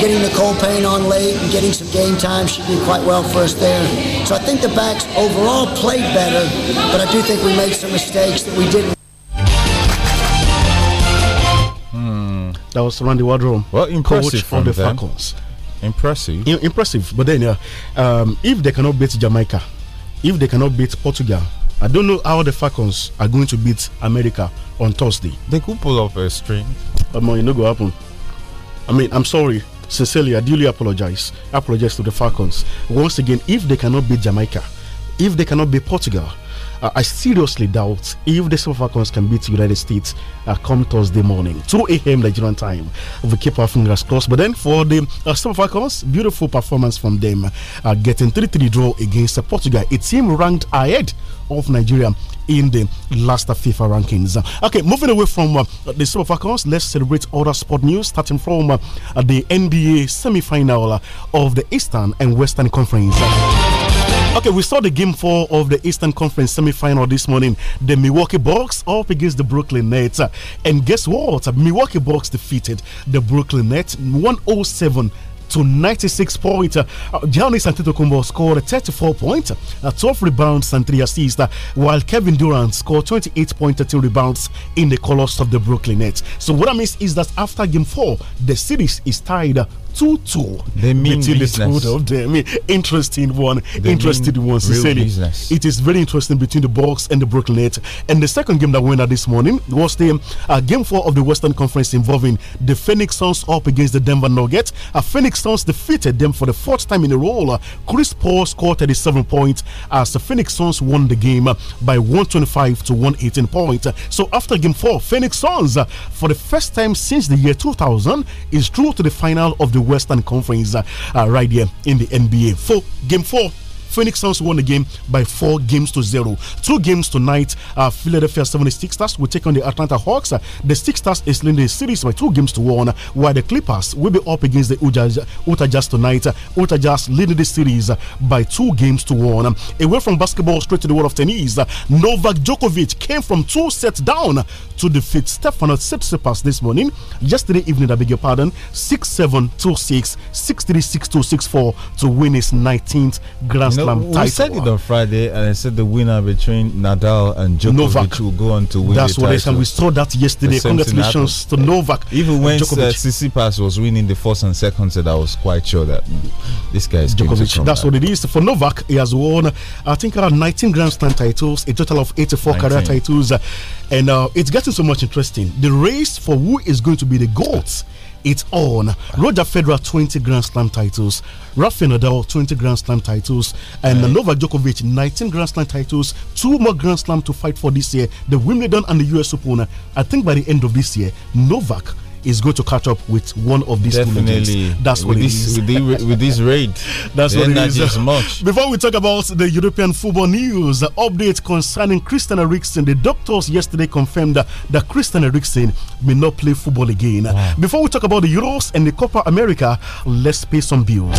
getting Nicole Payne on late and getting some game time, she did quite well for us there. So I think the backs overall played better, but I do think we made some mistakes that we didn't. that was around the world room. Well, impressive from the them. Falcons. Impressive. impressive. But then, uh, um, if they cannot beat Jamaica, if they cannot beat Portugal, I don't know how the Falcons are going to beat America on Thursday. They could pull off a string. But um, it no go happen. I mean, I'm sorry. Sincerely, I duly apologize. I apologize to the Falcons. Once again, if they cannot beat Jamaica, if they cannot beat Portugal, uh, I seriously doubt if the South Africans can beat the United States uh, come Thursday morning, 2 a.m. Nigerian time. We keep our fingers crossed. But then for the uh, South Africans, beautiful performance from them, uh, getting 3 3 draw against Portugal, a team ranked ahead of Nigeria in the last FIFA rankings. Okay, moving away from uh, the Super Falcons, let's celebrate other sport news starting from uh, the NBA semi final uh, of the Eastern and Western Conference. Okay, we saw the game four of the Eastern Conference Semifinal this morning. The Milwaukee Bucks up against the Brooklyn Nets, and guess what? Milwaukee Bucks defeated the Brooklyn Nets 107 to 96 points. Uh, Giannis Antetokounmpo scored 34 points, uh, 12 rebounds and 3 assists, uh, while Kevin Durant scored 28 points, 13 rebounds in the colors of the Brooklyn Nets. So what I mean is that after game 4, the series is tied Tutu. They mean Between business. The two of them. Interesting one. They interesting one, sincerely. Business. It is very interesting between the Bucks and the Brooklyn Nets. And the second game that went out this morning was the uh, game four of the Western Conference involving the Phoenix Suns up against the Denver Nuggets. Uh, Phoenix Suns defeated them for the fourth time in a row. Uh, Chris Paul scored 37 points as the Phoenix Suns won the game uh, by 125 to 118 points. Uh, so after game four, Phoenix Suns, uh, for the first time since the year 2000, is through to the final of the Western Conference uh, uh, right here in the NBA. For game four Phoenix Suns won the game by four games to zero. Two games tonight, uh, Philadelphia 76ers will take on the Atlanta Hawks. Uh, the Sixers is leading the series by two games to one, while the Clippers will be up against the Utah, Utah Jazz tonight. Uh, Utah Jazz leading the series uh, by two games to one. Uh, away from basketball, straight to the world of tennis, uh, Novak Djokovic came from two sets down to defeat Stefanos Tsitsipas this morning. Yesterday evening, I beg your pardon, 6 7 2 6, 6 3 6 2 6 4 to win his 19th Grand I title. said it on Friday, and I said the winner between Nadal and Djokovic Novak. will go on to win. That's what title. I said. We saw that yesterday. Congratulations to Novak. Even when uh, Djokovic. uh, Tsitsipas was winning the first and second set, I was quite sure that this guy is Djokovic. That's what it is for Novak. He has won, I think, around 19 Grand Slam titles, a total of 84 19. career titles, uh, and uh, it's getting so much interesting. The race for who is going to be the goat it's on. Roger Federer, 20 Grand Slam titles. Rafael Nadal, 20 Grand Slam titles. And right. Novak Djokovic, 19 Grand Slam titles. Two more Grand Slam to fight for this year the Wimbledon and the US Open. I think by the end of this year, Novak is going to catch up with one of these Definitely. two legends. That's with what this, is. With, the, with this raid, (laughs) that's the what it is. much. (laughs) Before we talk about the European football news, the update concerning Christian Eriksen, the doctors yesterday confirmed that, that Christian Eriksen may not play football again. Wow. Before we talk about the Euros and the Copa America, let's pay some bills.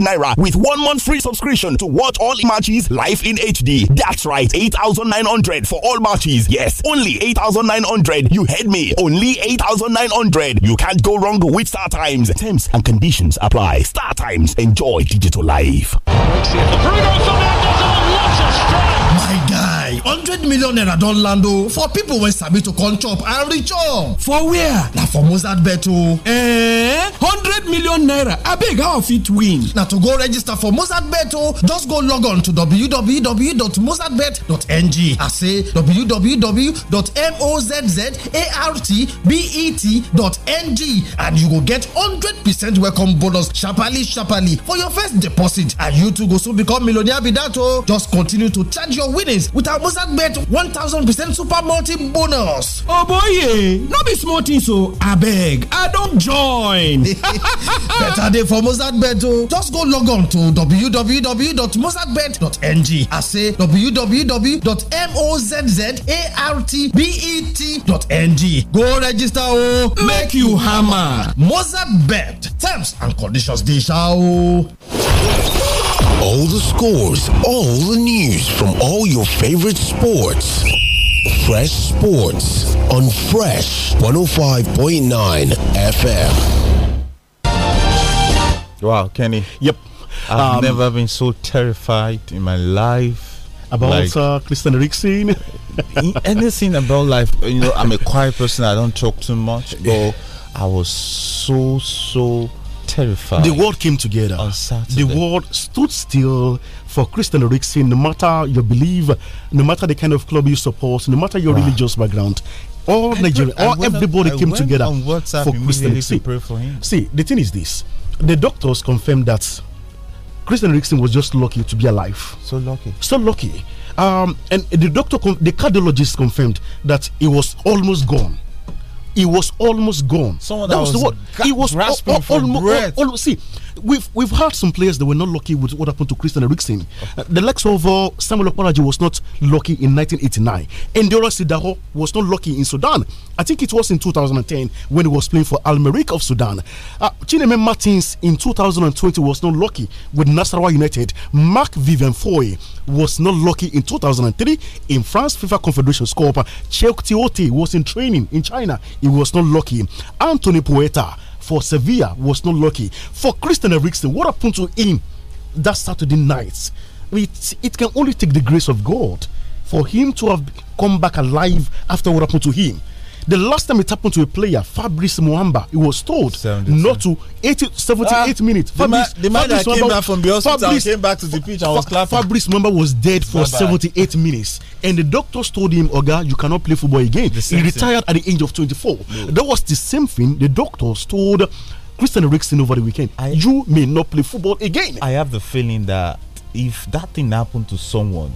naira with one month free subscription to watch all matches live in HD. That's right, 8,900 for all matches. Yes, only 8,900. You heard me. Only 8,900. You can't go wrong with Star Times. Terms and conditions apply. Star Times. Enjoy digital life. hundred million naira don land o for people wey sabi to come chop and reach up. for where? na for mozart bet o. Eh, hundred million naira abeg how i fit win? na to go register for mozart bet o just go log on to www.mozartbet.ng as say www.mozzartbet.ng and you go get hundred percent welcome bonus sharparly sharparly for your first deposit and you too go soon become millionaire be that o. just continue to charge your winnings with our mozart concert bet one thousand percent super multi bonus. Oh oboye no be small thing so abeg i don join. (laughs) better day for mozart bet o oh. just go log on to www.mozartbet.ng I say www.mozzartbet.ng go register o oh. make you hammer mozart bet terms and conditions dey sha oh. All the scores, all the news from all your favorite sports. Fresh Sports on Fresh 105.9 FM. Wow, Kenny. Yep. I've um, never been so terrified in my life. About like, uh, Christian anything about life. You know, I'm a quiet person. I don't talk too much. But I was so, so terrified. The world came together. On Saturday. The world stood still for Christian Eriksen, no matter your belief, no matter the kind of club you support, no matter your wow. religious background. All I Nigeria, all everybody came together for Christian see, for see, the thing is this the doctors confirmed that Christian Eriksen was just lucky to be alive. So lucky. So lucky. Um, and the doctor, the cardiologist confirmed that he was almost gone he was almost gone. Someone that, that was, was, the word. He was almost for see, we've we've had some players that were not lucky with what happened to Christian Eriksen. Uh, the likes of uh, Samuel Okparaji was not lucky in 1989. Endora Sidaho was not lucky in Sudan. I think it was in 2010 when he was playing for Al Merrick of Sudan. Uh, Chineme Martins in 2020 was not lucky with Nasarawa United. Mark Vivian Foy was not lucky in 2003 in France FIFA Confederation Cup. Cheikh Tiote was in training in China he was not lucky. Anthony Poeta for Sevilla was not lucky. For Christian Eriksen, what happened to him that Saturday night? It, it can only take the grace of God for him to have come back alive after what happened to him. The last time it happened to a player, Fabrice Muamba, he was told not to 80, 78 ah, minutes. Fabrice, the man, Fabrice that came back from the hospital Fabrice, came back to the pitch. I was clapping. Fabrice Muamba was dead for 78 minutes, and the doctors told him, "Oga, you cannot play football again." He retired thing. at the age of 24. No. That was the same thing the doctors told Christian Eriksen over the weekend. I, you may not play football again. I have the feeling that if that thing happened to someone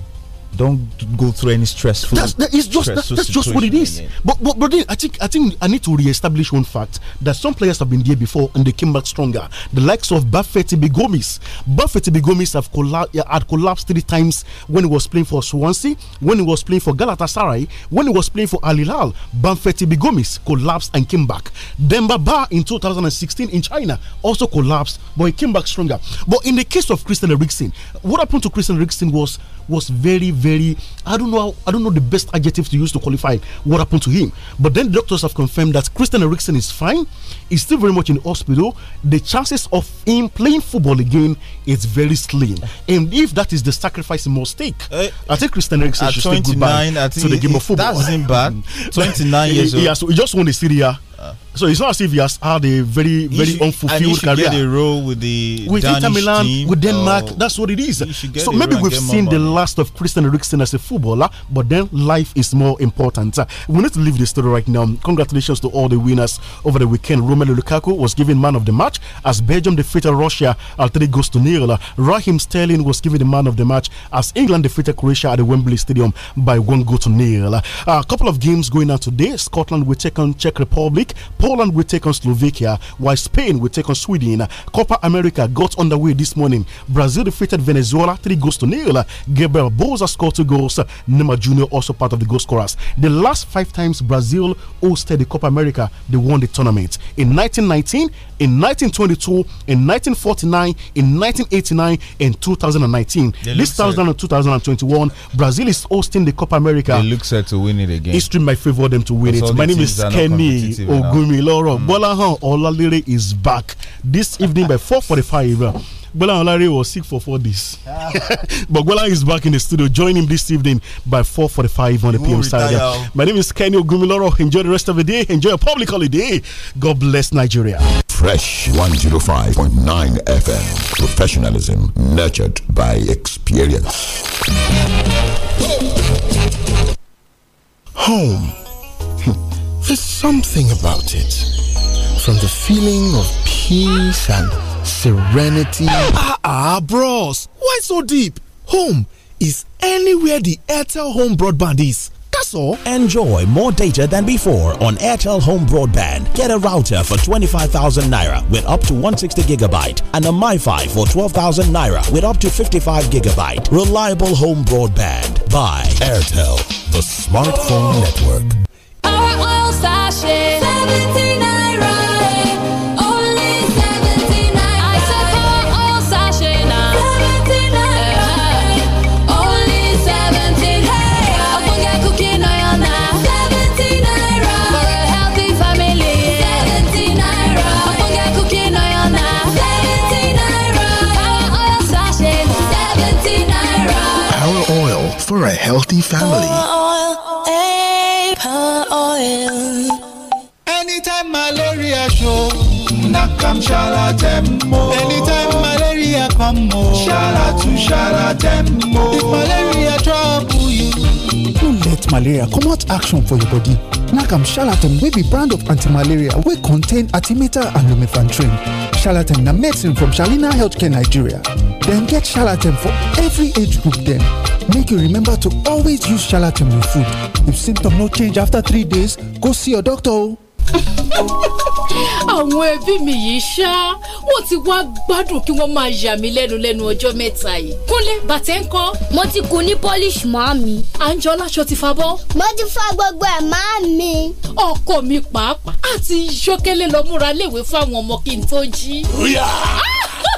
don't go through any stressful. That's, that is just that, that's just what it is. But but but I think I think I need to re-establish one fact that some players have been there before and they came back stronger. The likes of Buffett Ibigomis, Buffett Ibigomis have colla had collapsed three times when he was playing for Swansea, when he was playing for Galatasaray, when he was playing for Al Hilal. Buffett Ibigomis collapsed and came back. Demba Ba in 2016 in China also collapsed, but he came back stronger. But in the case of Christian Eriksen, what happened to Christian Eriksen was was very, very. I don't know. I don't know the best adjective to use to qualify what happened to him. But then the doctors have confirmed that Christian Eriksen is fine. He's still very much in the hospital. The chances of him playing football again is very slim. And if that is the sacrifice he must take, uh, I think Christian Eriksen should say goodbye to the game of football. That's not bad. (laughs) Twenty nine years old. Yeah, so he just won the Syria. Uh so it's not as if he has had a very, very should, unfulfilled career. Get a role with the with Danish Inter Milan, team, with Denmark. Oh. That's what it is. So maybe we've seen the last of Christian Eriksen as a footballer, but then life is more important. Uh, we need to leave the story right now. Congratulations to all the winners over the weekend. Romelu Lukaku was given man of the match as Belgium defeated Russia at three goes to nil. Raheem Sterling was given the man of the match as England defeated Croatia at the Wembley Stadium by one goal to nil. Uh, a couple of games going on today. Scotland will take on Czech Republic. Poland Poland will take on Slovakia, while Spain will take on Sweden. Copa America got underway this morning. Brazil defeated Venezuela three goals to nil. Gabriel Boza scored two goals. Neymar Jr. also part of the goal scorers. The last five times Brazil hosted the Copa America, they won the tournament in 1919, in 1922, in 1949, in 1989, and 2019. They this 2000 and 2021, Brazil is hosting the Copa America. They look set to win it again. History might favor them to win it. My name is Kenny Ogumi. Iloro. Mm. Bolahan Olalere is back this evening by 4.45. Bola Olare was sick for four days. Ah. (laughs) but Bola is back in the studio. Join him this evening by 4.45 on the PM side. My name is Kenny Ogumiloro. Enjoy the rest of the day. Enjoy a public holiday. God bless Nigeria. Fresh 105.9 FM. Professionalism nurtured by experience. Home there's something about it. From the feeling of peace and serenity. (laughs) Ah, ah, bros. Why so deep? Home is anywhere the Airtel home broadband is. That's all. Enjoy more data than before on Airtel Home Broadband. Get a router for 25,000 naira with up to 160 gigabyte and a MiFi for 12,000 naira with up to 55 gigabyte. Reliable home broadband by Airtel, the smartphone network. Ah, ah sachet. naira, only oh, oh, naira. for naira, oh, oil for a healthy family. 17 naira, oil oil naira, oil for a healthy family. oil. anytime malaria show knack am shalatemmo anytime malaria come o shalatu shalatemmo if malaria trouble you no let malaria comot action for your body nakam charlatan wey be brand of anti-malaria wey contain artimata and lumefantrine charlatan na medicine from shalina healthcare nigeria Then get charlatan for every age group Then make you remember to always use charlatan with food if symptoms no change after three days go see your doctor (laughs) àwọn ẹbí mi yìí ṣá wọn ti wá gbádùn kí wọ́n máa yà mí lẹ́nu lẹ́nu ọjọ́ mẹ́ta yìí. kúnlẹ̀ bàtẹ́ ń kọ́. mo ti kun ní polish máa mi. àǹjọ láṣọ ti fa bọ́. mo ti fa gbogbo ẹ̀ máa mi. ọkọ mi pàápàá àti yọkẹlẹ lọ múra léwe fún àwọn ọmọ kí n tó jí. ó yá. Ah!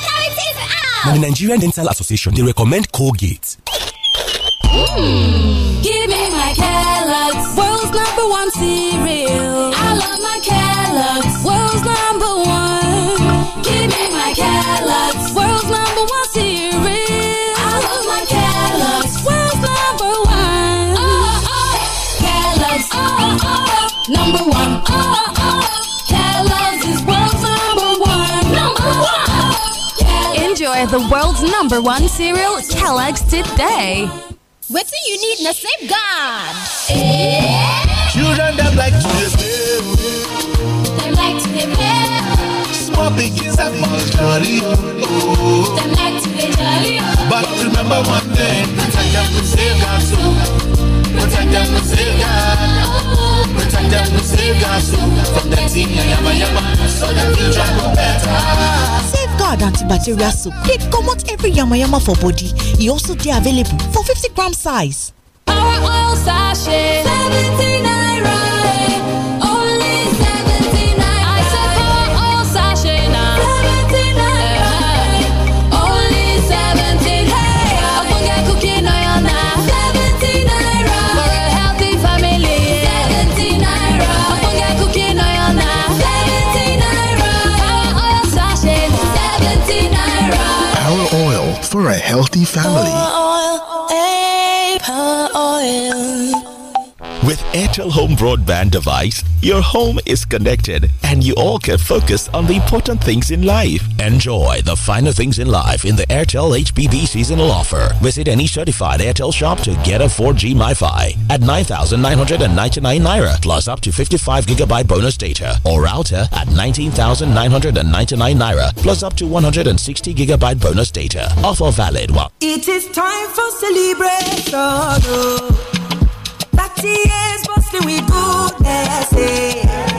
now, the Nigerian Dental Association, they recommend Colgate. Mm. Give me my Kellogg's, world's number one cereal. I love my Kellogg's, world's number one. Give me my Kellogg's, world's number one cereal. I love my Kellogg's, world's number one. Oh, oh. Kellogg's, oh, oh, number one. Oh, oh. the world's number one cereal, Kellogg's Today. What do you need in a safeguard? Children that like to rebel. They like to rebel. Small pigs are more jolly. Oh. They like to be jolly. Oh. But remember one thing: protect them from safeguard too. Mutanda muzika Mutanda muzika So from the team Yama yama So the future go better Safeguard antibacterial soap dey out every yamayama for body e also dey available for 50 gram size. Our oil sachet. for a healthy family. With Airtel Home Broadband device, your home is connected and you all can focus on the important things in life. Enjoy the finer things in life in the Airtel HBB seasonal offer. Visit any certified Airtel shop to get a 4G MiFi at 9,999 Naira plus up to 55 gigabyte bonus data or router at 19,999 Naira plus up to 160 gigabyte bonus data. Offer valid while... It is time for celebration. Oh. That is mostly with goodness. Eh?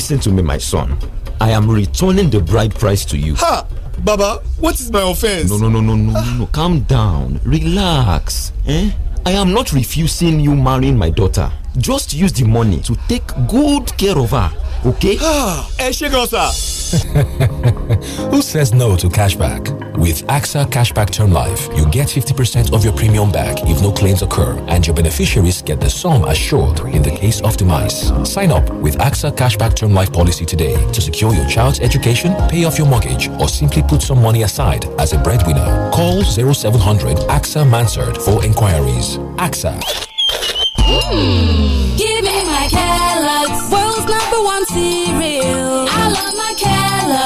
Listen to me, my son. I am returning the bride price to you. Ha! Baba, what is my offense? No, no, no, no, no, no, no. Calm down. Relax. Eh? I am not refusing you marrying my daughter. Just use the money to take good care of her, okay? Ha. Eh, gan (laughs) Who says no to cashback? With AXA Cashback Term Life, you get 50% of your premium back if no claims occur, and your beneficiaries get the sum assured in the case of demise. Sign up with AXA Cashback Term Life policy today to secure your child's education, pay off your mortgage, or simply put some money aside as a breadwinner. Call 0700 AXA Mansard for inquiries. AXA. Mm. Give me my Kellogg's, world's number one series.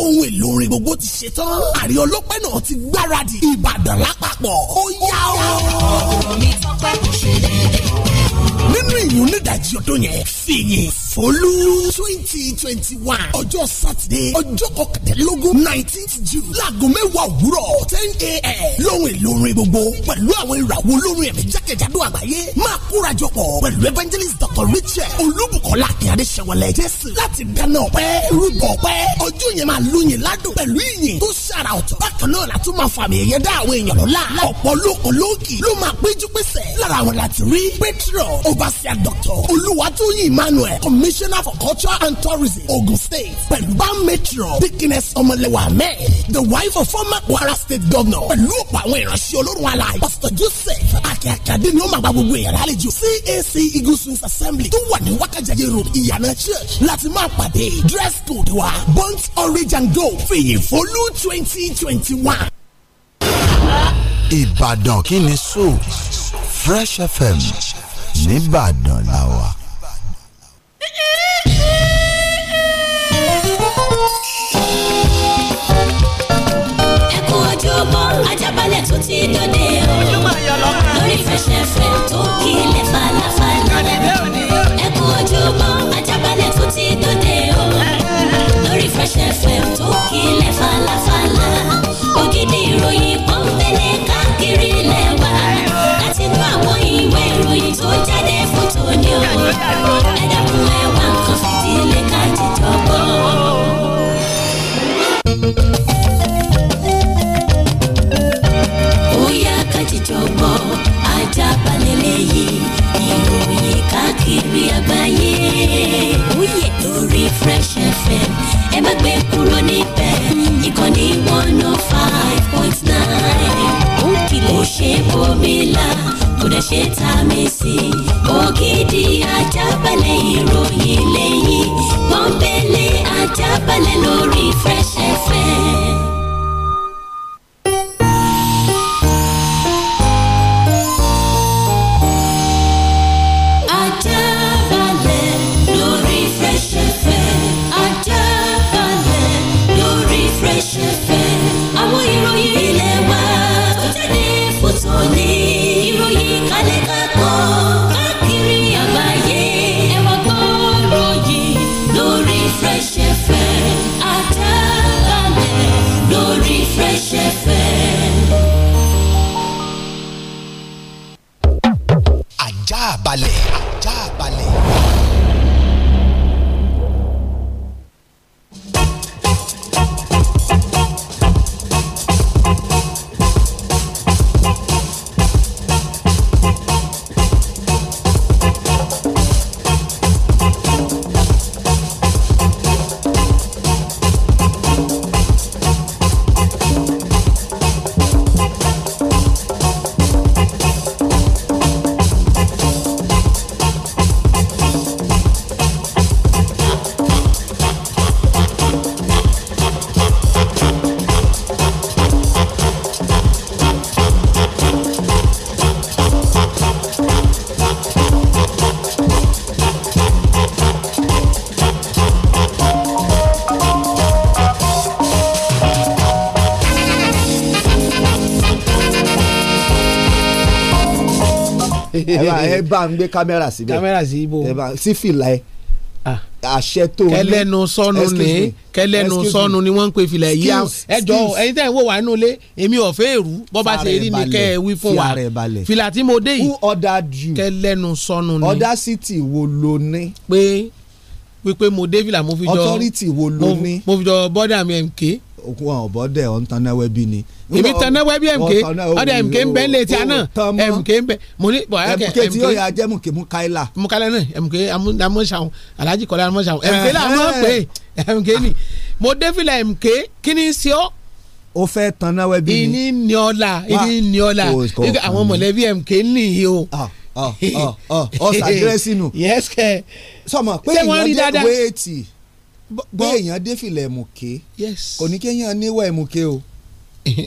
ohun èlò orin gbogbo ti ṣe tán àrí ọlọ́pẹ́ náà ti gbáradì ìbàdàn lápapọ̀ ó yá o. nínú ìyún nídàjí ọdún yẹn fìyìn fòlù twenty twenty one ọjọ́ sátidé ọjọ́ kọkàndínlógún nineteenth june láago mẹ́wàá òwúrọ̀ ten a.m. lóhùn èlò orin gbogbo pẹ̀lú àwọn ìràwọ̀ olórin ẹ̀mí jákèjádò àgbáyé máa kórajọ pọ̀ pẹ̀lú evangelist dr richard olúbùkọ́lá akínyàdé sẹ̀wọ̀lẹ̀ jésù láti dáná ọpẹ́ rúbọ ọpẹ́ ọjọ́ yẹn máa lóyin ládùn pẹ̀lú ìyìn tó ṣàrà ọ̀tọ̀ bákan náà la tún máa fàmì ẹ̀yẹ dá àwọn èèyàn lọ́la ọ̀pọ̀ lóko lóòkì ló máa péjú overseer doctor olúwatóyìn emmanuel commissioner for culture and tourism Ogun state pẹ̀lú bá matron dikines ọmọlẹ́wà mẹ́ the wife of former Kwara state governor pẹ̀lú ọ̀pọ̀ àwọn ìránṣẹ́ olórun aláì pastor Joseph akíakíadé ni ó máa gba gbogbo èèyàn lálejò CAC Eagle assembly tó wà ní Wákàjáde road ìyànà church láti máa pàdé dress code wa burnt orange and gold fìyìn fọlú twenty twenty one. Ìbàdàn kí ni so Fresh FM nìbàdàn làwà ẹkún ojúbọ ajábalẹ̀ tó ti dòde o lórí fẹsẹ̀fẹ̀ tó kílẹ̀ falafala ẹkún ojúbọ ajábalẹ̀ ti dòde o lórí fẹsẹ̀fẹ̀ tó kílẹ̀ falafala ògidì ìròyìn pọ́npẹ́lẹ́ káàkiri lẹ́wà láti nú àwọn ìwé ìròyìn ilé ká jíjọ gbọ́. bá ń gbé kámẹ́rà síbẹ̀ kámẹ́rà sí ibo sí fìlà ẹ ah. àṣẹ tó ní kẹlẹ́nu sọnù ní kẹlẹ́nu sọnù ní wọ́n ń pè fìlà yìí ẹjọ́ ẹ̀yin tẹ́ ẹ̀ wò wá nínú ilé èmi ọ̀fẹ́ èrú bọ́ ṣe rí ni kẹ́ ẹ wí fún wa fìlà tí mo dé yìí kẹlẹ́nu sọnù ní. ọ̀dà city wo lo ní. pé pé mo dé fìlà mo fi jọ authority wo lo ní. mo fi jọ bọ́dà mi MK òkú àwọn ọ̀bọ dẹ̀ ọ̀ ń tan náwẹ́ bí ni. èmi tan náwẹ́ bí mk ọ̀dọ̀ mk ń bẹ́ lè ti àná mk ń bẹ́ mo ní bọ̀yá kẹ mk tí yóò yà jẹ́ mk mú káyìlá. mú káyìlá náà mk amúnṣàwọn alhaji kọ́lá amúnṣàwọn mk làwọn eh, pè é eh. mk ni mo dé fìlà mk kí ni ṣe ọ́ fẹ́ tan náwẹ́ bí ni. ìní ni ọ̀la ìní ni ọ̀la àwọn mọ̀lẹ́bí mk nìyí o ọ ah, ah, ah, ṣàdírẹ́sì nù. (laughs) yẹ́sì kẹ́ sọmọ pé ìyànjẹ́ wéètì pé èèyàn dé fìlà ẹ̀mùké kò ní kéèyàn níwọ̀ ẹ̀mùké o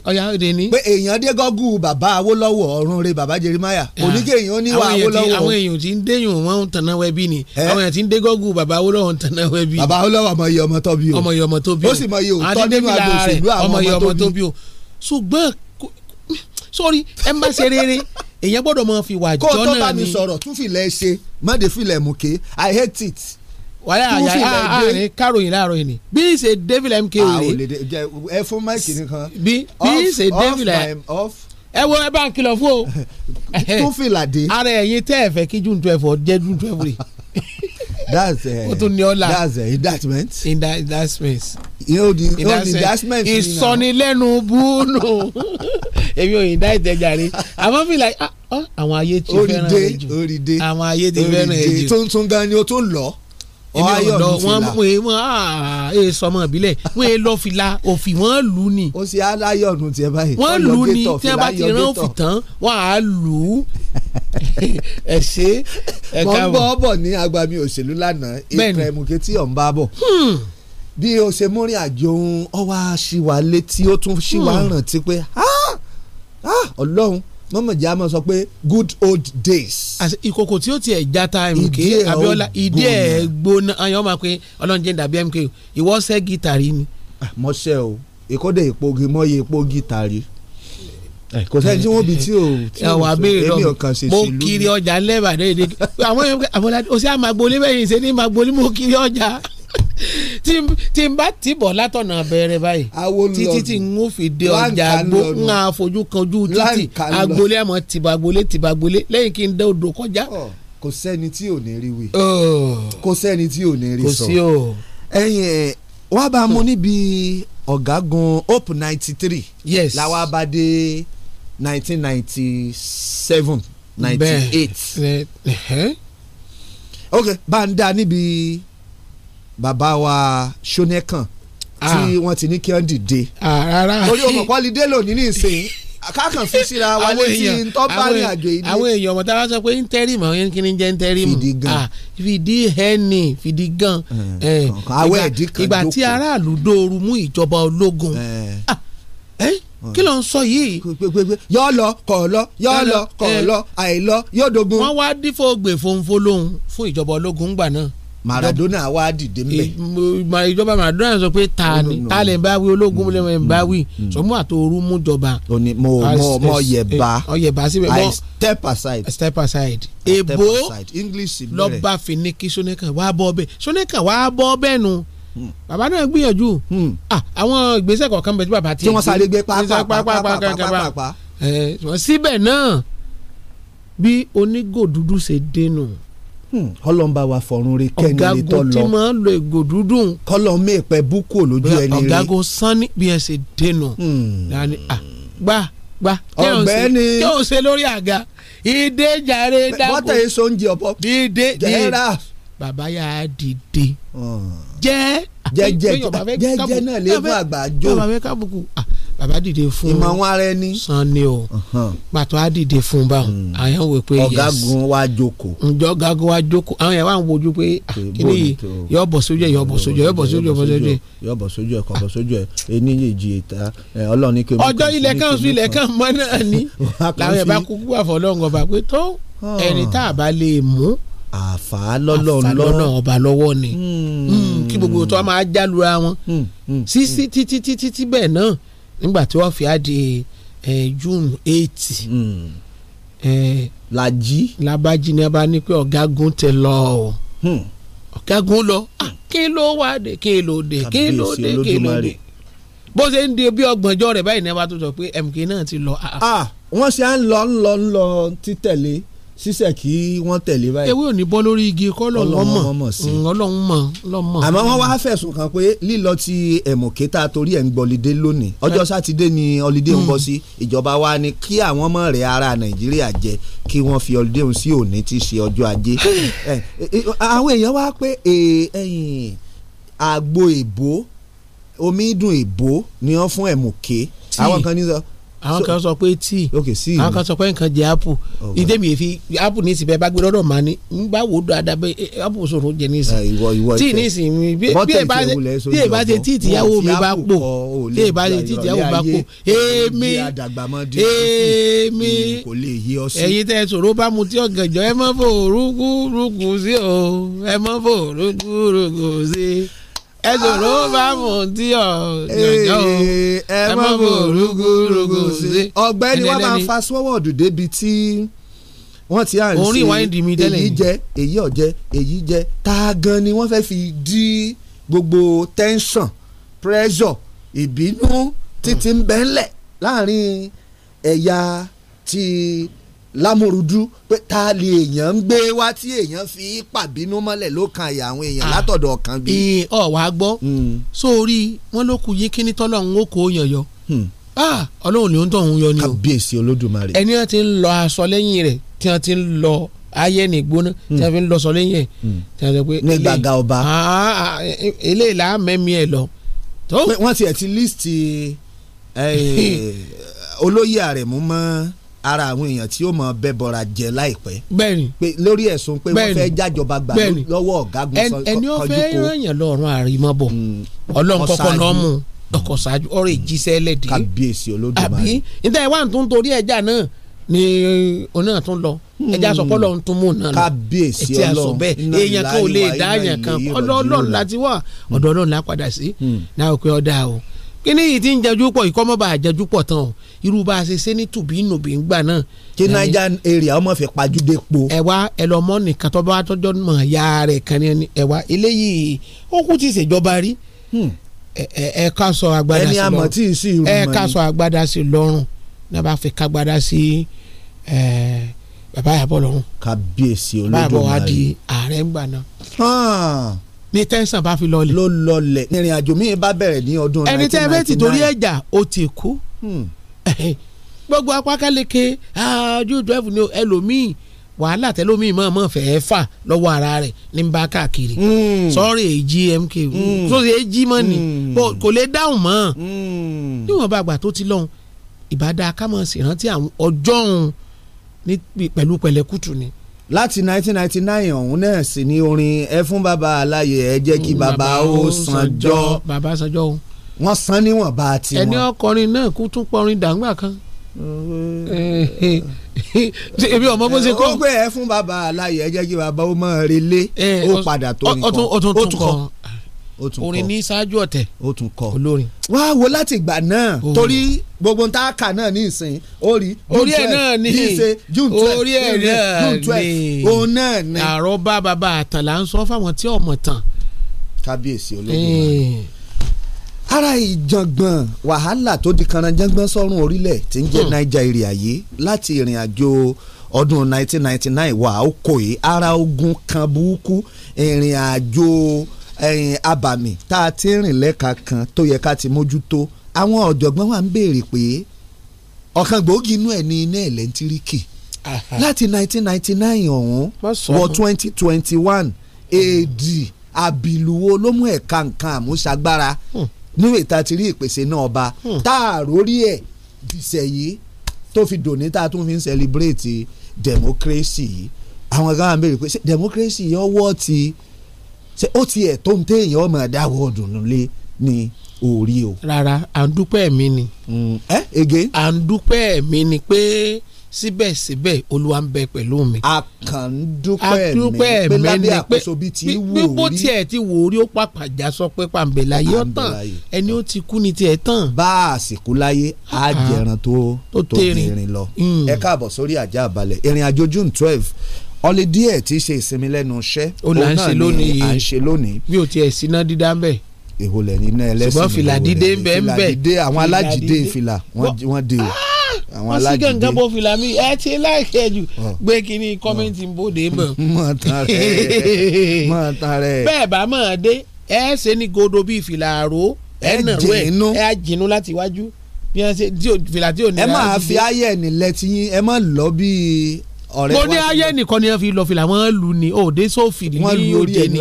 ọ̀yà òde ni. pé èèyàn dé gọ́gù bàbá Awólọ́wọ̀ ọ̀run re bàbá Jeremiah kò ní ah. kéèyàn níwọ̀ Awólọ́wọ̀. àwọn èèyàn tí ń déyùn wọn ń tànà wẹbí ni eh? àwọn èèyàn tí ń dé gọ́gù bàbá Awólọ́wọ̀ ń tànà wẹbí. bàbá Awólọ́wọ̀ ọmọ iye ọmọ tó bí o ọmọ iye ọmọ tó bí o ó sì mọ iye òótọ́ nínú àgbò òṣèlú àwọn ọmọ tó bí o. ṣùgbọ́n sórí wàlẹ́ àyà àárín káròyìn láàárọ̀ yìí ni bí ṣe devil mk rè ẹ fún máìkì nìkan bí bí ṣe devil um, ẹ wo ẹ bá ń kìlọ̀ fún o (laughs) tún fìlà dé ara ẹ̀yin tẹ́ ẹ fẹ́ kí june twelve ọ jẹ́ june twelve rè (laughs) that's uh, (laughs) eh, o tún ní ọ̀la that's uh, eh, indictment Inda indictment you know the indictment ìsọnilẹ́nu búnú èmi ò indict ẹ jàre àmọ́ mi like ah, ah, àwọn ayé ti fẹ́ràn ẹ jù àwọn ayé ti fẹ́ràn ẹ jù tuntun gan ni o tún lọ ọ̀hayọ̀ ló fìlà wọ́n wọ́n wọ́n ah, ee eh, sọmọ ìbílẹ̀ wọ́n ee lọ fìlà òfì wọ́n lù ní. ó sì aláyọ̀ nù tiẹ̀ báyìí. wọ́n lù ní tí wọ́n bá ti rán òfì tán wọ́n á lù ú. (laughs) ẹ ṣe ẹ káàbọ̀. mo ń bọ́ bọ̀ ní agbami òṣèlú lánàá ìpẹ́ mùkẹ́ tí ò ń bá bọ̀ bí o ṣe múrin àjò ohun ọwọ́ àṣìwà létí ó tún ṣìwà hmm. rántí pé ah, ah, ọlọ́run mọ̀mọ̀já mọ̀ sọ pé good old days. àti ìkòkò tí ó tiẹ̀ jata mk abiola ìdí ẹ̀ gbóná ayọ̀ máa pe ọlọ́njẹ́ dàbí mk ìwọ ṣẹ́ gítàrí ni. Ah, mọ̀ṣẹ́ o ìkọ́dé ìpogi mọ́ye ìpo gítàrí eh, kò sẹ́ni tí wọ́n bi tí o tí o èmi ọ̀kan ṣe sílùú. mo kiri ọjà lẹ́bàá déédéé àwọn ọmọ ọ̀sẹ̀ àmàgbolé bẹ́ẹ̀ yìí ṣe ní màgbolé mo kiri ọjà tí n bá tì bọ̀ látọ̀nà abẹ́rẹ́ báyìí títí tí n ó fi dé ọjà àgbo n á fojú kanjú títì agbolé àmọ́ tìbà agbolé tìbà agbolé lẹ́yìn kí n dé odò kọjá. kò sẹ́ni tí ò ní rí wí kò sẹ́ni tí ò ní rí sọ ẹ̀yìn ẹ̀ wá bá a mú níbi ọ̀gágun hope ninety three yes làwọn abadé nineteen ninety seven ninety eight ok bá a ń dá níbi bàbá wa ṣónẹ́kàn ah. tí wọ́n ti ní kí wọ́n dìde torí ah, ọmọ pọ́lidé lónìí ní ìsìn kákan fi síra wa létí tó bá ní àjò yìí. àwọn èèyàn ọmọ tá a bá sọ pé interim àwọn kí ni jẹ́ interim fìdí gan ah, fìdí ẹni fìdí gan eh, eh, àwọ̀ ẹ̀dí kan ìgbà tí aráàlú dóoru mú ìjọba ológun eh. kí ló ń sọ yìí. yọ lọ kọ lọ yọ lọ kọ lọ àìlọ yóò dogun. wọ́n wá dífò gbè lóhun fún ìjọba ológun gbà náà. Maradona wa dìde mbẹ. ìjọba Maradona sọ pé ta oh, ni ta lè bá wí ológun lè bá mm, wí mm, mm. sọmú àtòrú mú jọba. o ní mo mo mo yẹba eh, ọyẹba síbẹ̀ mọ I step aside. step aside. èbó lọ́ba finiki Sonika wàá bọ́ bẹ́ẹ̀ Sonika wàá bọ́ bẹ́ẹ̀ nu hmm. bàbá náà gbìyànjú hmm. ah, àwọn ìgbésẹ̀ kọ̀ọ̀kan bẹ̀ tí bàbá ti. tí wọ́n sáré gbé pápá eh, síbẹ̀ náà bí onígò dúdú ṣe dénú. No Hmm, kọlọ́n bá wa fọ̀run rí kẹ́ni lè tọ́ lọ ọ̀gágun tí máa ń lo ègò dúdùn kọlọ́n mi ìpẹ́ búkú lójú ẹni rí ọ̀gágun sanni bí ẹ ṣe dènà dání hmm. à gbà gbà ọ̀gbẹ́ni kí o ṣe lórí àga ìdè jàre dáko bọ́tà yìí so ń jẹ ọ̀pọ̀ ìdè jẹ́ra bàbá yà á dìde hmm. jẹ́ jẹ́jẹ́ jẹ́jẹ́ náà lè mú àgbà jó bàbá mi kábùkù ah bàbá dìde fún ìmọ̀ wọn ara ẹni san ni o pàtó á dìde fún báwọn hmm. àwọn yẹn wò pé yes ọ̀gágun wa jókòó ǹjọ́ ọ̀gágun wa jókòó àwọn yẹn wà ń wojú pé ah, kíní yìí yọ bọ̀ sójú ẹ̀ yọ bọ̀ sójú ẹ̀ yọ bọ̀ sójú ẹ̀ bọ̀ sójú ẹ̀ yọ bọ̀ sójú ẹ̀ kọ̀ bọ̀ sójú ẹ̀ ení èjì ìta ọlọ́ọ̀ni kí omi kan ọjọ́ ilẹ̀ kan sún ilẹ̀ kan mọ́ náà ni (laughs) làwọn yẹn bá kúkú àfọlọ́ngọ̀ bá pé tó ẹni tá a bá lè mú àfà lọ́lọ́run lọ́nà ọba lọ́wọ́ ni hmm. Hmm, kí gbogbo tó a máa jálura wọn sí sí títí títí bẹ́ẹ̀ náà nígbà tí wọ́n fi adi di June eight hmm. làjí làbájí ni a bá ní pé ọ̀gágun tẹ lọ o hmm. ọ̀gágun lọ ah, hmm. kí ló wá dé kí ló dé kí ló dé kí ló dé bó ṣe ń di bí ọgbọ̀njọ́ rẹ̀ báyìí ni a bá tó sọ pé MK náà ti lọ. Ah, ah. wọ́n ṣe à ń lọ ń lọ ń lọ títẹ̀lé sísẹ̀ kí wọ́n tẹ̀lé báyìí. ewé ò ní bọ́ lórí igi kọ́ lọ́wọ́ mọ̀ mm, ọlọ́run mọ̀ ọlọ́run mọ̀. àmọ́ wọ́n wá fẹ̀sùn kan pé lílọ ti ẹ̀mọ̀ké tá a torí ẹ̀ ń gbọ́lidé lónìí ọjọ́ eh. sátidé ni ọlidé ń bọ́ mm. sí ìjọba wa ni kí àwọn ọmọ rẹ̀ ara nàìjíríà jẹ kí wọ́n fi ọlidé òun sí òní tí í ṣe ọjọ́ ajé. (laughs) Eh, eh, àwọn èèyàn wá pé àgbo èbó omi dùn èbó ni wọ́n fún ẹ̀mọ̀ké àwọn kan ní sọ àwọn kan sọ pé tíì àwọn kan sọ pé nǹkan jẹ apple oh, ìdè mi fi apple ní ìsìn bẹ́ẹ̀ bá gbé lọ́dọ̀ ní n bá wò ó dáadáa eh, sòrò jẹ ní ah, ìsìn tíì ní ìsìn mi bí ẹ ṣe tíì tìyàwó mi bá pò bí ṣe tíì tìyàwó mi bá pò èmi èmi hmm, ẹ̀yin tẹ́ sòrò bá mu tí ọ̀gànjọ́ ẹ mọ́ fò rúgúrúgù sí o ẹ mọ́ fò rúgúrúgù sí i ẹ sọ̀rọ̀ ó bá mò ń tí ọ̀jọ̀ o ẹ mọ̀ bò rúgúrúgú sí. ọ̀gbẹ́ni wa máa ń fa sọ́wọ́dù débi tí wọ́n ti à ń ṣe èyí jẹ èyí ọ̀jẹ èyí jẹ tá a gan ni wọ́n fẹ́ fi dí gbogbo tension pressure ìbínú títí ń bẹ́ńlẹ̀ láàrin ẹ̀yà ti lámúrudú pé ta lè èèyàn ń gbé wá tí èèyàn fi pàbínú mọ́lẹ̀ ló kan ẹ̀yà àwọn èèyàn ah. látọ̀dọ̀ kan bí. ee ọ wàá gbọ́ hmm. sórí wọn ló kù yín kíní tọ́lọ́run ó kó yàn yọ hmm. ah, ọlọ́run ni ó ń tọ̀ òun yọ ni o. kábíyèsí olódùmarè. ẹni wọn ti ń lọ aṣọ lẹ́yìn rẹ̀ tí wọ́n ti ń lọ ayé ní gbóná tí wọ́n hmm. fi ń lọ aṣọ lẹ́yìn ẹ̀ ní gbàgà ọba. Ah, eléyìí là á mẹ́mí ẹ̀ lọ. wọ́n ti ẹ̀ ti líìsì (laughs) olóyè àrẹ̀mú mọ́ ara àwọn èèyàn tí ó mọ bẹbọra jẹ láìpẹ́. bẹ́ẹ̀ni pé lórí ẹ̀sùn pé wọ́n fẹ́ẹ́ jájọba gbà lọ́wọ́ ọ̀gágun kọjú ko ẹni ó fẹ́ẹ́ ràn yàn lọ́rùn àrímọ́bọ̀ mm. ọlọ́run kọ́kọ́ náà mú ọkọ̀ ṣáájú ọ̀rọ̀ ìjíṣẹ́ ẹlẹ́dẹ̀. kábíyèsí olódùmarè àbí níta ẹ̀ wá ń tún torí ẹja náà ni òun náà tún lọ mm. ẹja sọpọ́ lọ́run tún mú náà lọ kábíyèsí ọlọ́run èèyàn kan ò lè dá èèyàn kan ọ̀dọ̀ ọlọ́run láti wà ọ̀dọ̀ ọlọ́run la padà sí náà mm. ó pé ọ̀dà o kí ni yìí ti ń jẹjú pọ̀ ìkọ́mọ́bà àjẹjú pọ̀ tán o irú bá a ṣe ṣe ní tùbí nùbí ń gbà náà. kí naija area ọmọ fẹ́ pajúdé po. ẹ wá ẹ lọ mọ nìkan tó bá tọjọ mọ ya rẹ kan ní ẹ wá eléyìí ó kú ti ṣèjọba rí hmm. ẹ ká sọ agbada sí lọ́rùn ẹni àmọ́ tí ì sí irun mọ ni ẹ ká sọ agbada sí lọ́rùn náà bá fi kágbada sí ẹ bàbá yàbọ lọ́rùn. kábíyèsí olódò náà bàbá wa di ààrẹ ń gbà náà ní tẹ́sán bá fi lọlẹ̀. ló lọlẹ̀ ìrìn àjò mi bá bẹ̀rẹ̀ ní ọdún. ẹni tẹ́ ẹ bẹ́ẹ̀ ti torí ẹ̀jà ó ti kú. Hmm. (laughs) gbogbo apákáleke ojú twelve ni ẹlòmíì wàhálà tẹlómìí mọ̀ mọ̀ fẹ́ẹ́ fà lọ́wọ́ ara rẹ̀ ní bá káàkiri hmm. sọ́ọ̀rì èjì mk hmm. sọ́ọ̀rì èjì mọ̀ ni hmm. kò lè dáhùn mọ́ níwọ̀n bá àgbà tó ti lọ́hùn ìbádá kámọ̀sí rántí àwọn ọjọ́ òun pẹ̀lú pẹ̀lẹ́kùtù ni. láti 1999 ọ̀hún náà sì ni orin ẹ fún bàbá aláyè ẹ jẹ́ kí bàbá ó sanjọ́. bàbá sanjọ́ òun wọ́n san níwọ̀nba tiwọn. ẹni ọkọrin náà kú tún pọrin dàgbà kan ebi ọmọ bó ṣe kọ. ó gbé ẹ fún bàbá aláyọ ẹ jẹ́ kí bàbá ó máa relé ó padà tó nǹkan ó tún kọ orin ní ṣáájú ọ̀tẹ̀ ó tún kọ olórin. wá wo láti ìgbà náà torí gbogbo tá a kà náà ní ìsìn orí orí ẹ náà ní orí ẹ náà ní òun náà ní. àròbá bàbá àtàlà ń sọ fáwọn tí ọmọ tàn. kábíyèsí ológun náà ara ìjàngbọ̀n wàhálà tó di kanranjàngbọ̀n sọ́run orílẹ̀ tí ń jẹ́ hmm. nàìjíríà yìí láti ìrìn àjò ọdún 1999 wà ó kò yìí ara ogun kan burúkú ìrìn àjò eh, abàmì tá a ti rìn lẹ́ka kan tó yẹ ká ti mójútó àwọn ọ̀jọ̀gbọ́n wa ń béèrè pé ọ̀kan gbòógì inú ẹ̀ ní iná ẹ̀lẹ́ntíríkì láti 1999 ọ̀hún wọ 2021 AD àbìlú wo ló mú ẹ̀ka nǹkan àmúṣagbára. Hmm nínú ìta ti rí ìpèsè náà ọba hmm. tá a rórí ẹ̀ dìṣẹ̀ yìí tó fi dòní tá a tún fi ń sẹlibrétì democracy yìí àwọn kan wà ń béèrè pé democracy yìí ọwọ́ ti ṣe ó ti ẹ̀ tó ń téèyàn ọmọ ẹ̀dáwọ̀ ọ̀dùnnúlé ni orí o. rárá à ń dúpẹ́ mi ni. Hmm. ẹ ege. à ń dúpẹ́ mi ni pé. Pe síbẹ̀síbẹ̀ olúwa ń bẹ pẹ̀lú mi. a kàn ń dúpẹ́ mi pé lábẹ́ àkóso bíi ti wò rí. gbogbo tiẹ̀ ti wò rí ó pàpà já sọ pé pàǹbẹ̀láyé ó tàn ẹni ó ti kú ni tiẹ̀ tàn. bá a sì kú láyé a ah, jẹran tó tó tẹrin lọ. Hmm. ẹ káàbọ̀ sórí àjà àbálẹ̀ ìrìn àjò june twelve ọlẹ́dí ẹ̀ tí í ṣe ìsinmi lẹ́nu iṣẹ́ òun náà ni à ń ṣe lónìí. bí o tiẹ̀ síná dídá ń bẹ̀ èwo lẹ́yìn náà ẹlẹ́sìn ìwò rẹ̀ ṣùgbọ́n fìlà dídé ń bẹ̀ ń bẹ̀ fìlà dídé àwọn alájídé fìlà wọ́n dé o. Ah! àwọn alágídé wọ́n sì gàngán bó fìlà mi ẹ ti láìpẹ́ jù gbé kínní kọ́mẹ́ǹtì bòde mọ̀. (laughs) mọ̀ tán rẹ̀ (laughs) mọ̀ tán rẹ̀. bẹ́ẹ̀ bá mọ̀ ọ́n dé ẹ ṣe ní godo bíi fìlà àrò ẹ nàró ẹ ẹ jìnnú láti wájú bí wọ́n ṣe fìlà tí ò ní. ẹ máa fi ayé ẹ̀ nílẹ̀ tí yín ẹ máa lọ bíi ọ̀rẹ́ wa. mo ní ayé nìkan ni wọ́n fi lọ fìlà wọ́n lù ní òde sófì ní òde ni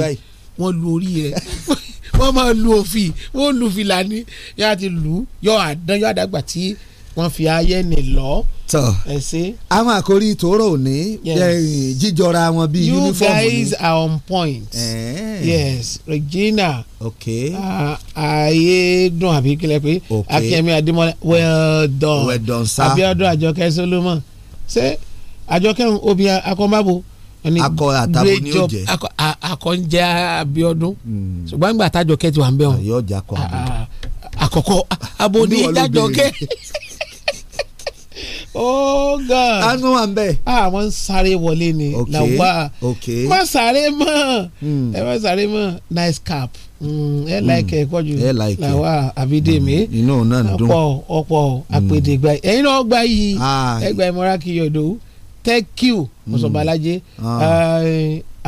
wọ́n lu orí ẹ̀ (laughs) wọ́n máa lu òfì wọ́n lu fìlà ní yóò àti lù yóò àdán yóò àdàgbà tí wọ́n fi ayé ni lọ. tọ àwọn àkórí ìtòrò òní jíjọra wọn bíi uniform ni. you guys are on point. Eh. yes Regina. okay. ayédùn àbí kílẹ̀ pé Akínyẹmí Adémọ́lá well done. well done sir. Abíọ́dún Àjọkẹ́ Solomon ṣé Àjọkẹ́ obi akọ́nbábo. akọ àtàbọ̀ ni yóò jẹ. akọ ń jẹ Abíọ́dún hmm. ṣùgbọ́n àgbà àtàjọkẹ́ ti wà ń bẹ̀ wọn. àyọ̀jà kọ àbọ̀. àkọ́kọ́ abo ní ìdájọ́kẹ́. (laughs) Oh God! tánú wà ń bẹ̀. àwọn ń sáré wọlé ni làwa má sáré mọ́ hmm. ẹ má sáré mọ́ nice cap hmm, hmm. ẹ Like ẹ pọ̀jù làwa àbídèmí ọ̀pọ̀ ọ̀pọ̀ àpèdè gba ẹ̀yin náà gba yìí ah. ẹ gba ìmọ̀ra kí yọ̀dọ̀ thank you mọ̀sọ̀bàlájẹ́ ah.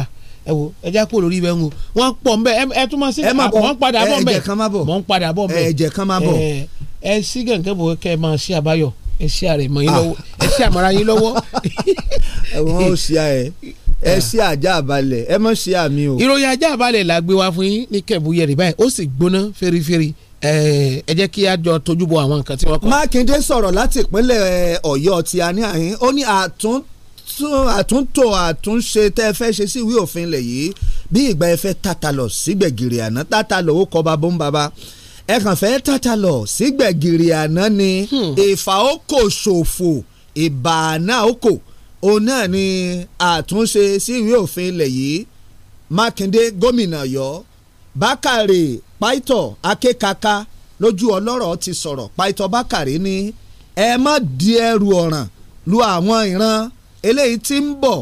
ah, ẹ wo ẹ já kó lórí ibẹ̀ ń wo wọ́n pọ̀ ń bẹ̀ ẹ tún máa sí àpò wọ́n padà bọ̀ ń bẹ̀ mọ̀ ń padà bọ̀ ń bẹ̀ ẹ̀jẹ̀ kan máa bọ̀ eh, ẹ sí gàǹkẹ́ bò kẹ́ ẹ máa sí ẹ ṣí àrẹ mọ yín lọ́wọ́ ah. ẹ ṣí àmọra yín lọ́wọ́. wọn ò ṣí àyẹ ẹ ah. ṣí àjà àbálẹ̀ ẹ mọ̀ ṣí àmì o. ìròyìn àjà àbálẹ̀ la gbé wá fún yín ní kẹ̀bùyẹ̀rì báyìí ó sì gbóná fẹ́rifẹ́ri ẹ jẹ́ kí a jọ tójú bọ àwọn nǹkan tí wọ́n kọ́. Mákindé sọ̀rọ̀ láti ìpínlẹ̀ Ọ̀yọ́ ti a ní àyín ó ní àtúntò àtúnṣe tẹ́ ẹ fẹ́ ṣe sí ìwé òfin ilẹ̀ yìí bí ìgbà ẹ fẹ́ tàtàlọ̀ sígbẹ̀gìrì àná tàtàlọ̀ ó kọ́ bá bó ń bàbá ẹ kàn fẹ́ tàtà lọ sí gbẹ̀gìrì àná ni hmm. ìfà ó kò ṣòfò ìbà náà ó kò òun náà ni àtúnṣe sí ìwé òfin ilẹ̀ yìí Mákindé gómìnà Ọ̀yọ́ Bákàrè Pító akékaka lójú ọlọ́rọ̀ ti sọ̀rọ̀ Pító Bákàrè ni ẹ má di ẹrù ọ̀ràn lu àwọn ìran eléyìí tí ń bọ̀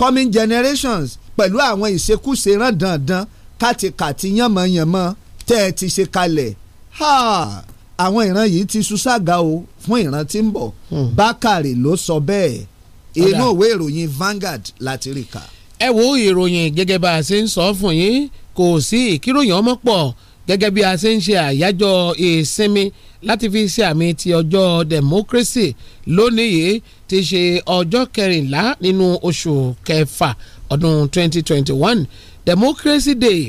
coming generations pẹ̀lú àwọn ìṣekúṣe rán dandan kàtìkàtì yànmọ́yànmọ́ tẹ́ ẹ ti ṣe kalẹ̀ àwọn ìran yìí ti ṣuṣága o fún ìran tí ń bọ̀ hmm. bákàrè ló sọ bẹ́ẹ̀ inú òwe ìròyìn Vanguard láti rí kà. ẹ wo ìròyìn gẹ́gẹ́ bá a ṣe ń sọ fún yín kò sí ìkíròyìn ọmọ pọ̀ gẹ́gẹ́ bí a ṣe ń ṣe àyájọ́ ìsinmi láti fi ṣe àmì ti ọjọ́ democracy lónìí yìí ti ṣe ọjọ́ kẹrìnlá nínú oṣù kẹfà ọdún 2021 democracy day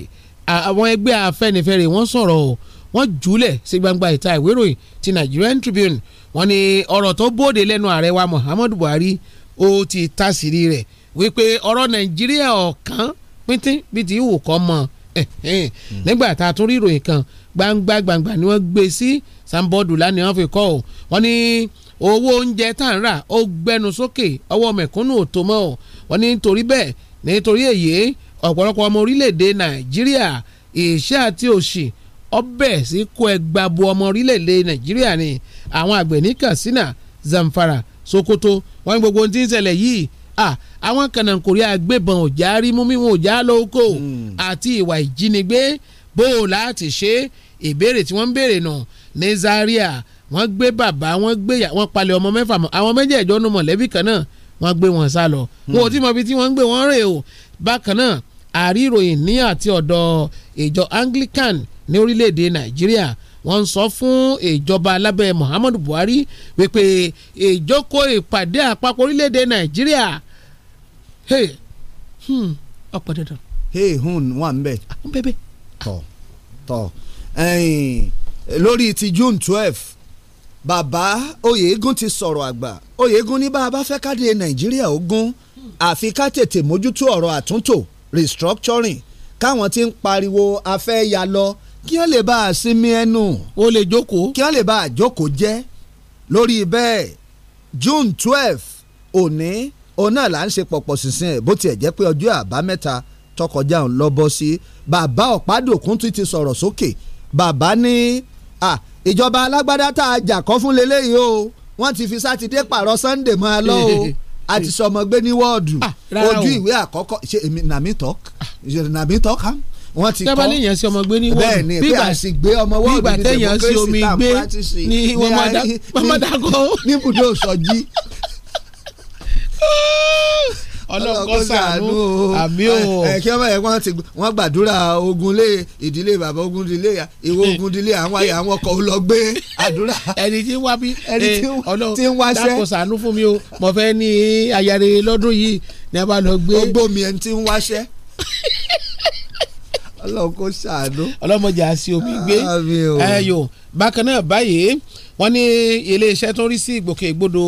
àwọn ẹgbẹ́ afẹ́nifẹ́re wọ́n sọ̀rọ̀ o wọ́n júlẹ̀ sí gbangba ìta ìwé ìròyìn ti Nigerian Tribune wọ́n ní ọ̀rọ̀ tó bóde lẹ́nu ààrẹ wa Muhammadu Buhari ó ti tàṣírí rẹ̀ wípé ọ̀rọ̀ Nàìjíríà ọ̀kan pínpín bíi ti wù kọ́ mọ́ hmm. nígbà tá a tún rí ìròyìn kan gbangba gbangba ni wọ́n gbé sí sanbọ́ọ̀dù lánàá wọ́n fi kọ́ ọ wọ́n ní owó oúnjẹ tá à ń rà ó gbẹnu sókè ọwọ́ mẹ̀kúnnù ò tó mọ́ ọ wọ́n ní torí bẹ́ẹ̀ nítorí èyí ọ̀pọ̀lọpọ̀ ọmọ orílẹ̀-èdè nàìjíríà ìṣẹ́ àti òṣì ọbẹ̀ sí kó ẹgbà bo ọmọ orílẹ̀-èdè nàìjíríà ni àwọn àgbẹ̀ ní katsina zamfara sokoto wọ́n ní gbogbo ohun tí ń ṣẹlẹ̀ yìí àwọn kànáńkòrí agbébọn òjá rí mú mímú òjá lóko hmm. àti ìwà ìjínigbé bó o láti ṣe ìbéèrè tí wọ́n ń béèrè nù ní zaria wọ́n gbé bàbá wọ́n gbé yà wọ́n palẹ̀ ọmọ mẹ́fà mọ́ àwọn mẹ́jẹ̀ẹ̀jọ nù mọ̀lẹ́bí kan náà wọ́n gbé wọn sá lọ hmm. wọn ò mọ ibi tí wọ́n ń gbé wọn rè o bákan náà àríròyìn ní àti ọ̀dọ̀ ìjọ Anglican ní orílẹ̀-èdè Nàìjíríà wọ́n ń sọ fún ìjọba alábẹ́ Muhammadu Buhari wípé ìjókòó ìpàdé àpapọ̀ orílẹ̀-èdè Nàìjíríà hmm, ọ̀pọ̀ dandan. hey hun wà ń bẹ. àwọn bẹ́ẹ̀ bẹ́ẹ̀. tọ̀ tọ̀ lórí ti June twelve bàbá Oyèégún ti sọ̀rọ̀ àgbà Oyèégún ní bá a bá fẹ́ káde Nàìjíríà ogun àfi ká tètè mójútó ọ̀rọ̀ àtúntò restructuring káwọn ti ń pariwo afẹ́ ya lọ kí wọ́n lè bá a sinmi ẹnu. ó lè jókòó. kí wọ́n lè bá a jókòó jẹ́ lórí bẹ́ẹ̀ June twelve òní òun náà là ń ṣe pọ̀pọ̀ sísìn ẹ̀ bó tiẹ̀ jẹ́ pé ọjọ́ àbámẹ́ta tọkọjá òun lọ bọ́ sí bàbá ọ̀pádòkun tún ti sọ̀rọ̀ sókè bàbá ní ìjọba alágbádá tá a jà kọ́ fún leléyìí o wọ́n ti fi sátidé pààrọ̀ Sunday máa lọ o. (laughs) a ti sọmọ gbé ní wọ́ọ̀dù ah, ojú ìwé àkọ́kọ́ ṣe èmi nàmí tọ́k nàmí tọ́k hàn wọ́n ti kọ́ tábàlì yẹn sí ọmọ gbé ní wọ́ọ̀dù bẹ́ẹ̀ ni bí a sì gbé ọmọ wọ́ọ̀dù ní democracy tam practice ní wọ́n mọ̀ dákọ́ ní ibùdó sọjí (laughs) ọlọ́kọ́ sànú àmì ò. kí ọmọ yẹn wọ́n gbàdúrà ogun lé ìdílé bàbá ogun dílé ìwé ogun dílé àwọn àyà àwọn ọkọ̀ lọ gbé àdúrà. ẹni tí ń wá bí ẹni tí ń wáṣẹ́ dákò sànú fún mi o mo fẹ́ ní ayáre lọ́dún yìí ní a bá lọ gbé. ó gbómi ẹni tí ń wáṣẹ́ ọlọ́run kò ṣàánú. ọlọ́mọdé àti omi gbé ẹyọ bákan náà báyìí wọ́n ní iléeṣẹ́ tó ń rí sí ìgbòkègbodò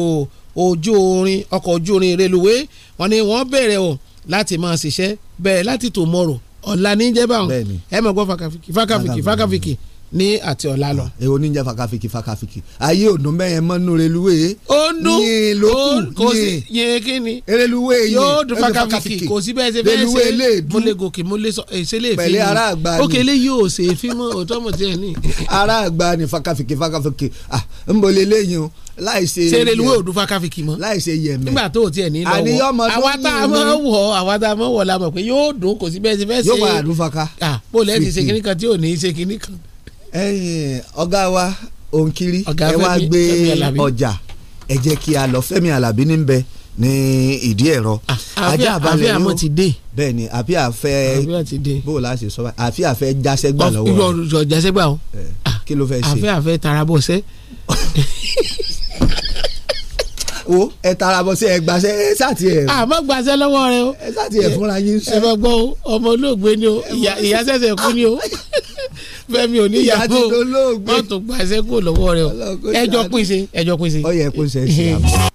ojú orin ọkọ̀ ojú orin reluwé wọ́n ní wọ́n bẹ̀rẹ̀ o láti máa ṣiṣẹ́ bẹ̀rẹ̀ láti tomorrow ọ̀la ní jẹ́ báwọn ẹ mọ̀ gbọ́ fakafiki fakafiki fakafiki ní àti ọ̀la lọ. Ah, èwo ní jẹ́ fakafiki fakafiki ayé òdùn bẹ́yẹn mọ́nú reluwé. ó ń dún yìnyín e ló kù yìnyín e. e ni. reluwé yìnyín yóò dún fakafiki kò sí bẹ́ẹ̀ ṣe bẹ́ẹ̀ ṣe mo lè gòkè mo lè sọ èsè lè fi mọ́ pẹ̀lẹ́ ara àgbà ni ó kele yóò ṣe é fi mọ̀ tiẹ̀ ní. ara àgbà ni fakafiki fakafiki ah ń bọ̀ lé lẹ́yìn o láìṣe yẹmẹ sẹrẹ ìlúwẹ òdu fakafiki mọ láìṣe yẹmẹ nígbà tó o tiẹ ní lọ́wọ́ àwa tá a máa wọ àwa tá a máa wọ la mọ̀ pé yóò dùn kò sí bẹ́ẹ̀ sí bẹ́ẹ̀ sí yóò wà àdúfaka ah bó lẹ́ẹ̀ ti ṣe kíní kan tí ò ní ṣe kíní kan ọ̀gá wa òǹkiri ẹ wá gbé ọjà ẹ jẹ́ kí a lọ Fẹ́mi Alábí ní bẹ́ẹ̀ ní ìdí ẹ̀rọ ah, ajá àbálẹ̀ yóò bẹ́ẹ̀ ni àbí àfẹ́ bó o la ṣe sọ báyìí àfi àfẹ́ jásẹ́gbà lọ́wọ́ rẹ̀ kí ló fẹ́ ah, ṣe àfẹ́ àfẹ́ tarabọ̀ (laughs) wo ẹ tara bọ sí ẹ gbàṣẹ ẹ sàtì ẹ. àmọ́ gbàṣẹ lọ́wọ́ rẹ o. ẹ sàtì ẹ fúnra yín sọ. ẹ fẹ́ gbọ́ o ọmọ olóògbé ni o ìyá ṣẹ̀ṣẹ̀ kú ni o ah, (laughs) fẹ́mi ò ní ìyàwó wọ́n tún gbàṣẹ kó lọ́wọ́ rẹ o ẹjọ́ pín sí ẹjọ́ pín sí. ọyẹ kó ṣe sí àmọ́.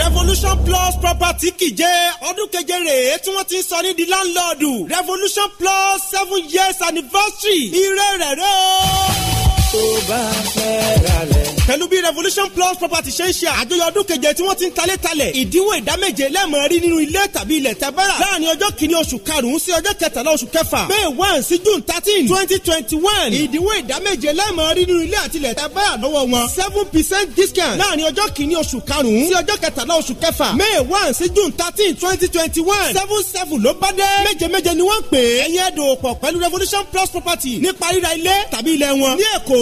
Revolution Plus property kìjẹ́ ọdún keje rèé tí wọ́n ti ń sọ ní di láńlọ́ọ̀dù Revolution Plus seven years anniversary ire rẹ̀ rẹ̀ o tó bá fẹ́ ra lẹ̀. pẹ̀lú bí revolution plus property ṣe ń ṣe àjọyọ̀ ọdún keje tí wọ́n ti ń talé talẹ̀ ìdínwó ìdá méje rí nínú ilé tàbí ilẹ̀ tẹ́ láàrin ọjọ́ kìíní oṣù karùn-ún sí ọjọ́ kẹtàlá oṣù kẹfà may one sí june thirteen twenty twenty one ìdínwó ìdá méje rí nínú ilé àti ilẹ̀ tẹ́ lọ́wọ́ wọn seven percent discount láàrin ọjọ́ kìíní oṣù karùn-ún sí ọjọ́ kẹtàlá oṣù kẹfà may one sí june thirteen twenty twenty one seven seven ló bá dé méje méje ni wọ́n pè é ẹ̀yẹ́ dòwòpọ̀ revolution plus property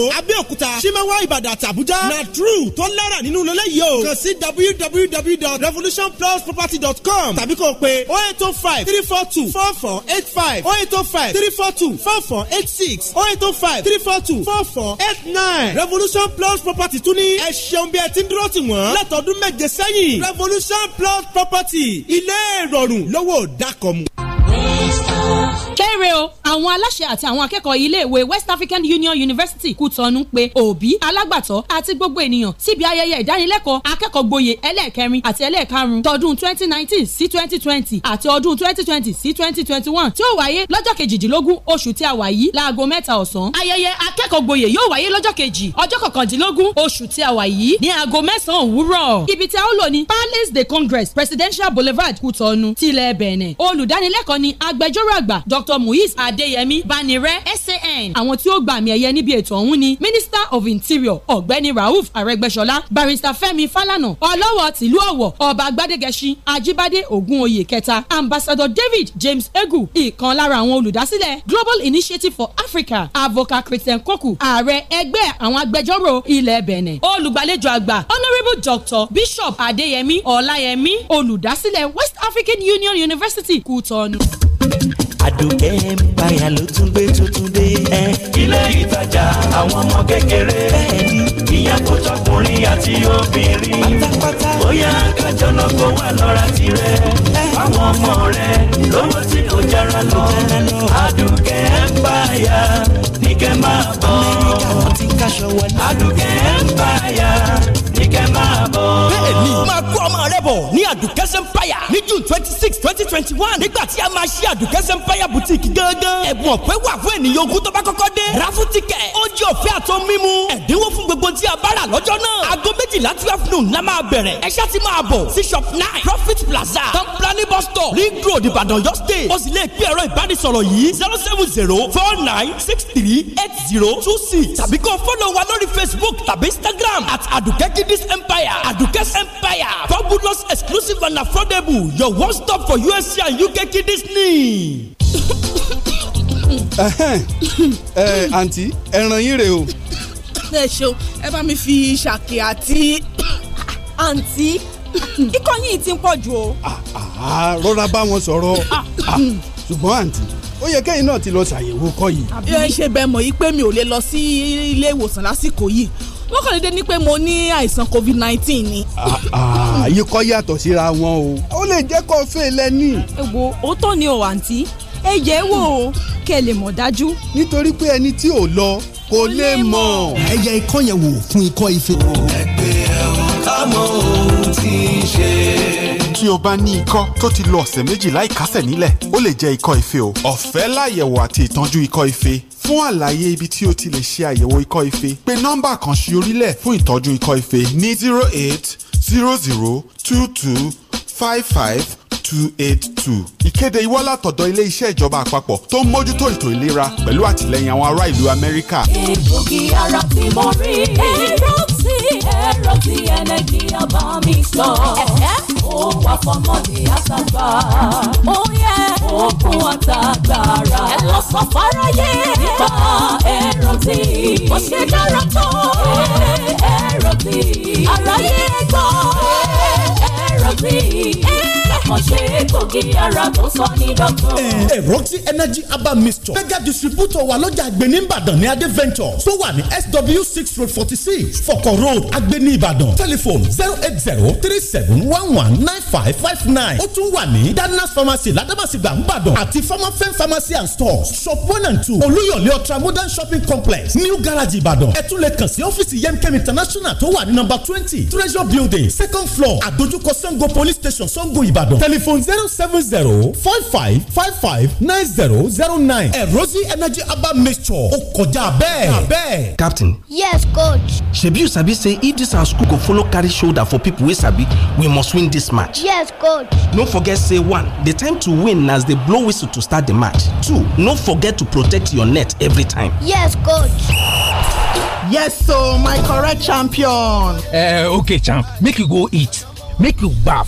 èkó simawa ìbàdàn àti àbújá na true tó lára nínú ilé yìí o kàn sí www.revolutionplusproperty.com tàbí kò pé oh eight oh five three four two four four eight five oh eight oh five three four two four four eight six oh eight oh five three four two four four eight nine revolution plus property tún ní ẹ ṣeun bí ẹ ti ń dúró tì wọ́n látọdún méje sẹ́yìn revolution plus property ilé ìrọ̀rùn lówó dákọ̀mù kéré o àwọn aláṣẹ àti àwọn akẹ́kọ̀ọ́ iléèwé West African Union University Kútọ́nù pé òbí alágbàtọ́ àti gbogbo ènìyàn síbi ayẹyẹ ìdánilẹ́kọ̀ọ́ akẹ́kọ̀ọ́ gboyè ẹlẹ́ẹ̀kẹrin àti ẹlẹ́ẹ̀karùn-ún tọdún twenty nineteen sí twenty twenty àti ọdún twenty twenty sí twenty twenty one tí ó wáyé lọ́jọ́ kejìdínlógún oṣù tí a wà yìí láago mẹ́ta ọ̀sán ayẹyẹ akẹ́kọ̀ọ́ gboyè yóò wáyé lọ́jọ́ kejì ọjọ́ kọkàndínlógún oṣù tí a wà yìí ní aago mẹ́sàn-án òwúrọ̀ ibi tí a ó lò ní Palace de Congress Presidential Boulevard Kútọ́nù tilẹ̀ Benin olùdánilẹ́kọ̀ọ́ ni agbẹjọ́rò àgbà Dr dr muiz adeyemi banire san àwọn tí ó gba àmì ẹ̀yẹ níbi ètò ọ̀hún ni minister of interior ọ̀gbẹ́ni rauf Aregbesola. barrister fẹ́mi falana ọlọ́wọ̀ tìlú ọ̀wọ̀ ọba gbadegẹṣin ajibade ogunoyè kẹta ambassador david james egu ìkan lára àwọn olùdásílẹ̀ global initiative for africa avoca christian koku ààrẹ ẹgbẹ́ àwọn agbẹjọ́rò ilẹ̀ benin olùgbàlejò àgbà honourable Doctor bishop adeyemi ọláyẹmí olùdásílẹ̀ west african union university kútọ́nù àdùkẹ́ empire ló tún gbé tuntun dé. ilé ìtajà àwọn ọmọ kékeré ìyẹn kò tọkùnrin àti obìnrin bóyá kájọ náà kó wà lọ́ra tirẹ̀ àwọn ọmọ rẹ̀ lówó tí kò jára lọ àdùkẹ́ empire ní kẹ́ máa bọ̀ àdùkẹ́ empire ní kẹ́ máa bọ̀. bẹ́ẹ̀ni máa kó ọmọ rẹ bọ̀ ní àdùkẹ́ sẹ́ńpáyà ní june twenty six twenty twenty one nígbà tí a máa ṣí àdùkẹ́ sẹ́ńpáyà boutique gángan ẹ̀bùn ọ̀pẹ wà fún ènìyàn ogún tó bá kọ́kọ́ dé ráfù tíkẹ̀ oúnjẹ ọ̀fẹ́ àtọ mímu ẹ̀dínwó fún gbogbo tí a bá rà lọ́jọ́ náà aago méjìlá twelve noon la máa bẹ̀rẹ̀ ẹ nine profit plaza tamplani bus stop ring road ìbàdàn yọ state o sì lè pe zero zero four nine six three eight zero two six tàbí kó fọ́lọ̀ wa facebook tàbí instagram at adukẹ́kí ladies empire adukes empire fabulous exclusive and affordable your one stop for usc and uk kiddies need. (coughs) àǹtí ẹran yín rèé o. ẹ ṣeun ẹ bá mi fi ṣàkè àti (coughs) àǹtí ikọ́ yìí ti ń pọ̀ jù o. rọra bá wọn sọ̀rọ̀ (coughs) ah. ṣùgbọ́n àǹtí ó yẹ kẹ́yìn náà ti lọ ṣàyẹ̀wò kọ́ yìí. àbí ẹ ṣe bẹ́ẹ̀ mọ̀ yìí pé mi ò lè lọ sí ilé ìwòsàn lásìkò yìí wọ́n kàn dédé ní pé mo ní àìsàn covid nineteen ni. àyè ah, ah, kọ́ yàtọ̀ síra wọn o ó lè jẹ́ kó fè lẹ́ni. ẹ wo òótọ́ ni o àǹtí ẹ yẹ̀ ẹ́ wò ó kẹ́ ẹ lè mọ̀ dájú. nítorí pé ẹni tí ò lọ kò lè mọ̀. ẹ yẹ ikọ́ yẹn wò fún ikọ́ ife. ẹgbẹ́ ẹ̀rọ ká mọ ohun tí ń ṣe é tí o bá ní ikọ́ tó ti lo ọ̀sẹ̀ méjì láìkásẹ̀ nílẹ̀ ó lè jẹ́ ikọ́ ife o ọ̀fẹ́ láyẹ̀wò àti ìtọ́jú ikọ́ ife fún àlàyé ibi tí o ti lè ṣe àyẹ̀wò ikọ́ ife pé nọ́mbà kan sí orílẹ̀ fún ìtọ́jú ikọ́ ife ní zero eight zero zero two two five five two eight two. ìkéde ìwá ilé-iṣẹ́ ìjọba àpapọ̀ tó ń mójútó ètò ìlera pẹ̀lú àtìlẹ́yìn àwọn ará ìlú Amẹ́ríkà. èbùkì ara tí mo rí èrò ẹ̀rọ tí ẹlẹ́gì ọba mi sọ. ó wà fọmọdé àtàgbà. ó yẹ okun àtàgbàrà. ẹ lọ sọ fáráyé. nípa ẹ̀rọ tí. kò ṣe dára tó. ẹ̀rọ tí. àráyé gbọ́. ẹ̀rọ tí. ẹ̀rọ tí àmọ́ ṣe ara tó sọ ní dọ́kun. eroxy eh, eh, energy herbal mixture mega distributor wà lọ́jà àgbẹ̀ní ìbàdàn ní adé ventures tó wà ní sw six road forty six fọkọ̀ road àgbẹ̀ní ìbàdàn telephone zero eight zero three seven one one nine five five nine ó tún wà ní danas pharmacy ladamasigba ìbàdàn àti pharmafem pharmacy and stores shop one and two olúyọ̀lé ultra modern shopping complex new garage ìbàdàn ẹ tún lè kàn sí ọ́fíìsì yemkem international tó wà ní number twenty treasure building second floor àdójúkọ sango police station sango ìbàdàn telephone zero seven zero five five five five nine zero zero nine erosi energy herbal mixture ó kọjá bẹ́ẹ̀ bẹ́ẹ̀. captain. yes coach. shebi you sabi say if this our school go follow carry shoulder for people wey sabi we must win this match. yes coach. no forget say one the time to win na as they blow whistle to start the match two no forget to protect your net every time. yes coach. yes so my correct champion. Uh, okay champ make you go eat make you baff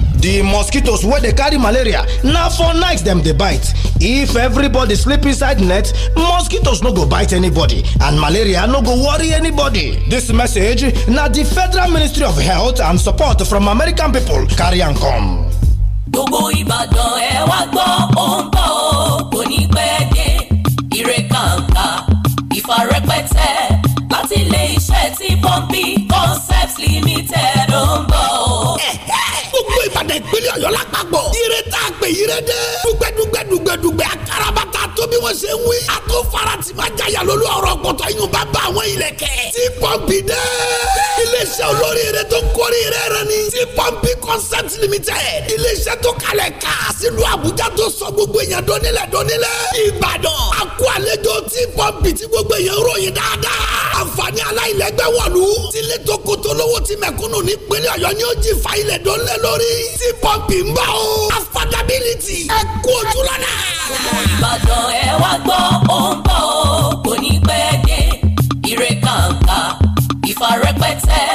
The mosquitoes wey dey carry malaria na for night dem dey bite if everybody sleep inside net mosquitoes no go bite anybody and malaria no go worry anybody dis message na di federal ministry of health and support from american pipo carry am come. gbogbo ìbàdàn ẹ wá gbọ́ ó ń kò ní pẹ́ dé ire kàǹkà ìfarẹ́pẹ́tẹ́ láti ilé iṣẹ́ tí pọ́ńpì concepts limited ń bọ̀ ọ̀dẹ̀ ìpínlẹ̀ ọ̀yọ́ lápapọ̀. ire tá a pè ire dé. dùgbẹ́ dùgbẹ́ dùgbẹ́ dùgbẹ́ akarabata tó bí wọ́n ṣe ń wí. a tó farati ma jaya lólu ọ̀rọ̀ gbọ̀tọ̀ yín bá bá àwọn ilẹ̀ kẹ́. ti pọ́ǹpì dẹ́. iléeṣẹ́ olórí rẹ tó ń kórè rẹ rẹ ni. ti pọ́ǹpì concept limited. iléeṣẹ́ tó kalẹ̀ ká sílùú àbújá tó sọ gbogbo èèyàn dọ́nilẹ̀ dọ́nilẹ̀. ìbàdàn a kó àlejò ti pọ́ǹpì tí gbogbo èèyàn ròyìn dáadáa. àǹfààní aláìlẹ́gbẹ́ wọ̀lú. lówó ti mẹ̀kúnnù nípínlẹ̀ ọ̀yọ́ ni ó jì fa ilẹ̀ dọ́nilẹ̀ lórí sí pọ́ǹpì ń bọ̀ o. affordability ẹ kú ojú lọ́nà. ìbàdàn ẹ wá gbọ́ ó ń bọ̀ ó kò ní pẹ́ dé ire kàǹkà ìfarẹ́pẹ́tẹ́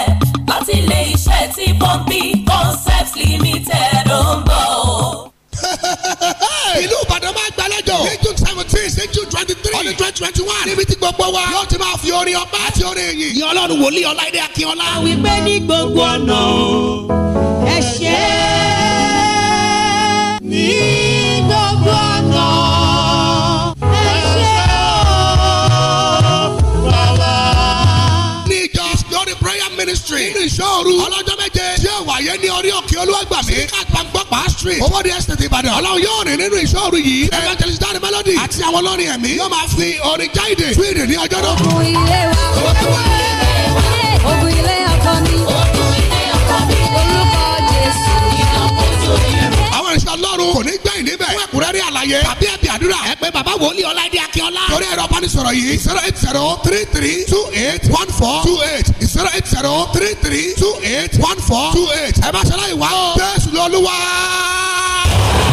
láti ilé iṣẹ́ tí pọ́ǹpì concepts limited ó ń bọ̀ ó. (laughs) ìlú ìbàdàn máa gbàlejò sí june twenty three ọdún twenty twenty one níbi tí gbogbo wa yóò ti máa fi orin ọba àti orin èyí ní ọlọ́run wòlíì ọláìdé akínọlá. wípé ní gbogbo ọ̀nà ẹ ṣe ní gbogbo ọ̀nà. ministry. nínú ìṣòro ọlọ́jọ́ méje tí ó wáyé ní orí òkè olúwàgbàmí. sí ká gbàgbọ́. Ọ̀pá street. Owó di estate Ìbàdàn. Ọlọ́run yóò rìn nínú ìṣòro yìí. Evangelist Dan Melody àti àwọn olórin ẹ̀mí yóò máa fi orin jáde fíìdì ní ọjọ́ náà. Ogun ilé wa, ogun ilé ọkọ mi, orúkọ Jésù. Àwọn ìṣọ̀lọ́run kò ní gbẹ̀yìn níbẹ̀. Fún ẹ̀kúnrẹ́rẹ́ àlàyé tàbí ẹ̀ àdúrà ẹ pé bàbá wòlíì ọláìdé akíọ́lá. torí ẹ̀rọ bánisọ̀rọ̀ yìí zero eight zero three three two eight one four two eight zero eight zero three three two eight one four two eight ẹ bá ṣe láì wá o. jésù lọ́lúwa.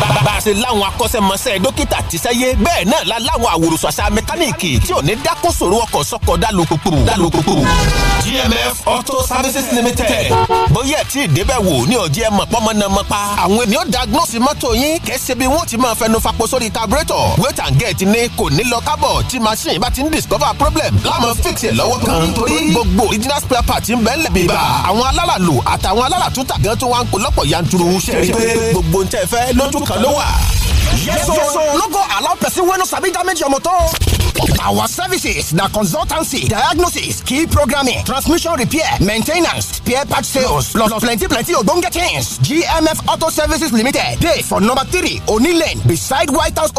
bàbá ṣe láwọn akọ́ṣẹ́mọṣẹ́ dókítà ti sẹ́yé bẹ́ẹ̀ náà la láwọn àwòrán àṣà mẹkáníìkì tí ò ní dákún sòrò ọkọ̀ sọ́kọ̀ dálókòkò GMF Auto Services Limited bóyá ẹ̀ tí ì débẹ̀ wò ní ọ̀jẹ̀ mọ̀ pọ́nmọ́nàmọ́ pa àwọn ènìyàn diagnose mọ́tò yín kẹ́sẹ́ bí wọ́n ti máa fẹnu fapò sórí carburetor wait and get ni kò ní lọ kábọ̀ tí machine bá ti ń discover problem láàmú fix ẹ̀ lọ́wọ́ kan torí gbogbo original spare part ń bẹ́ẹ̀ lẹ̀ bíbá àwọn aláràlù àtàwọn aláràtúntà gan tó wá ń kó lọ́pọ̀ yanturu ṣe é pé gbogbo ń tẹ́ fẹ́ lójú kan ló wà Yes, so, so no go allow person wey no sabi damage your motor. Our services na consultancy, diagnosis, key programming, transmission repair, maintenance, spare part sales, plus plenty plenty ogbonge things. GMF Auto Services Limited dey for number three Oni Lane beside White House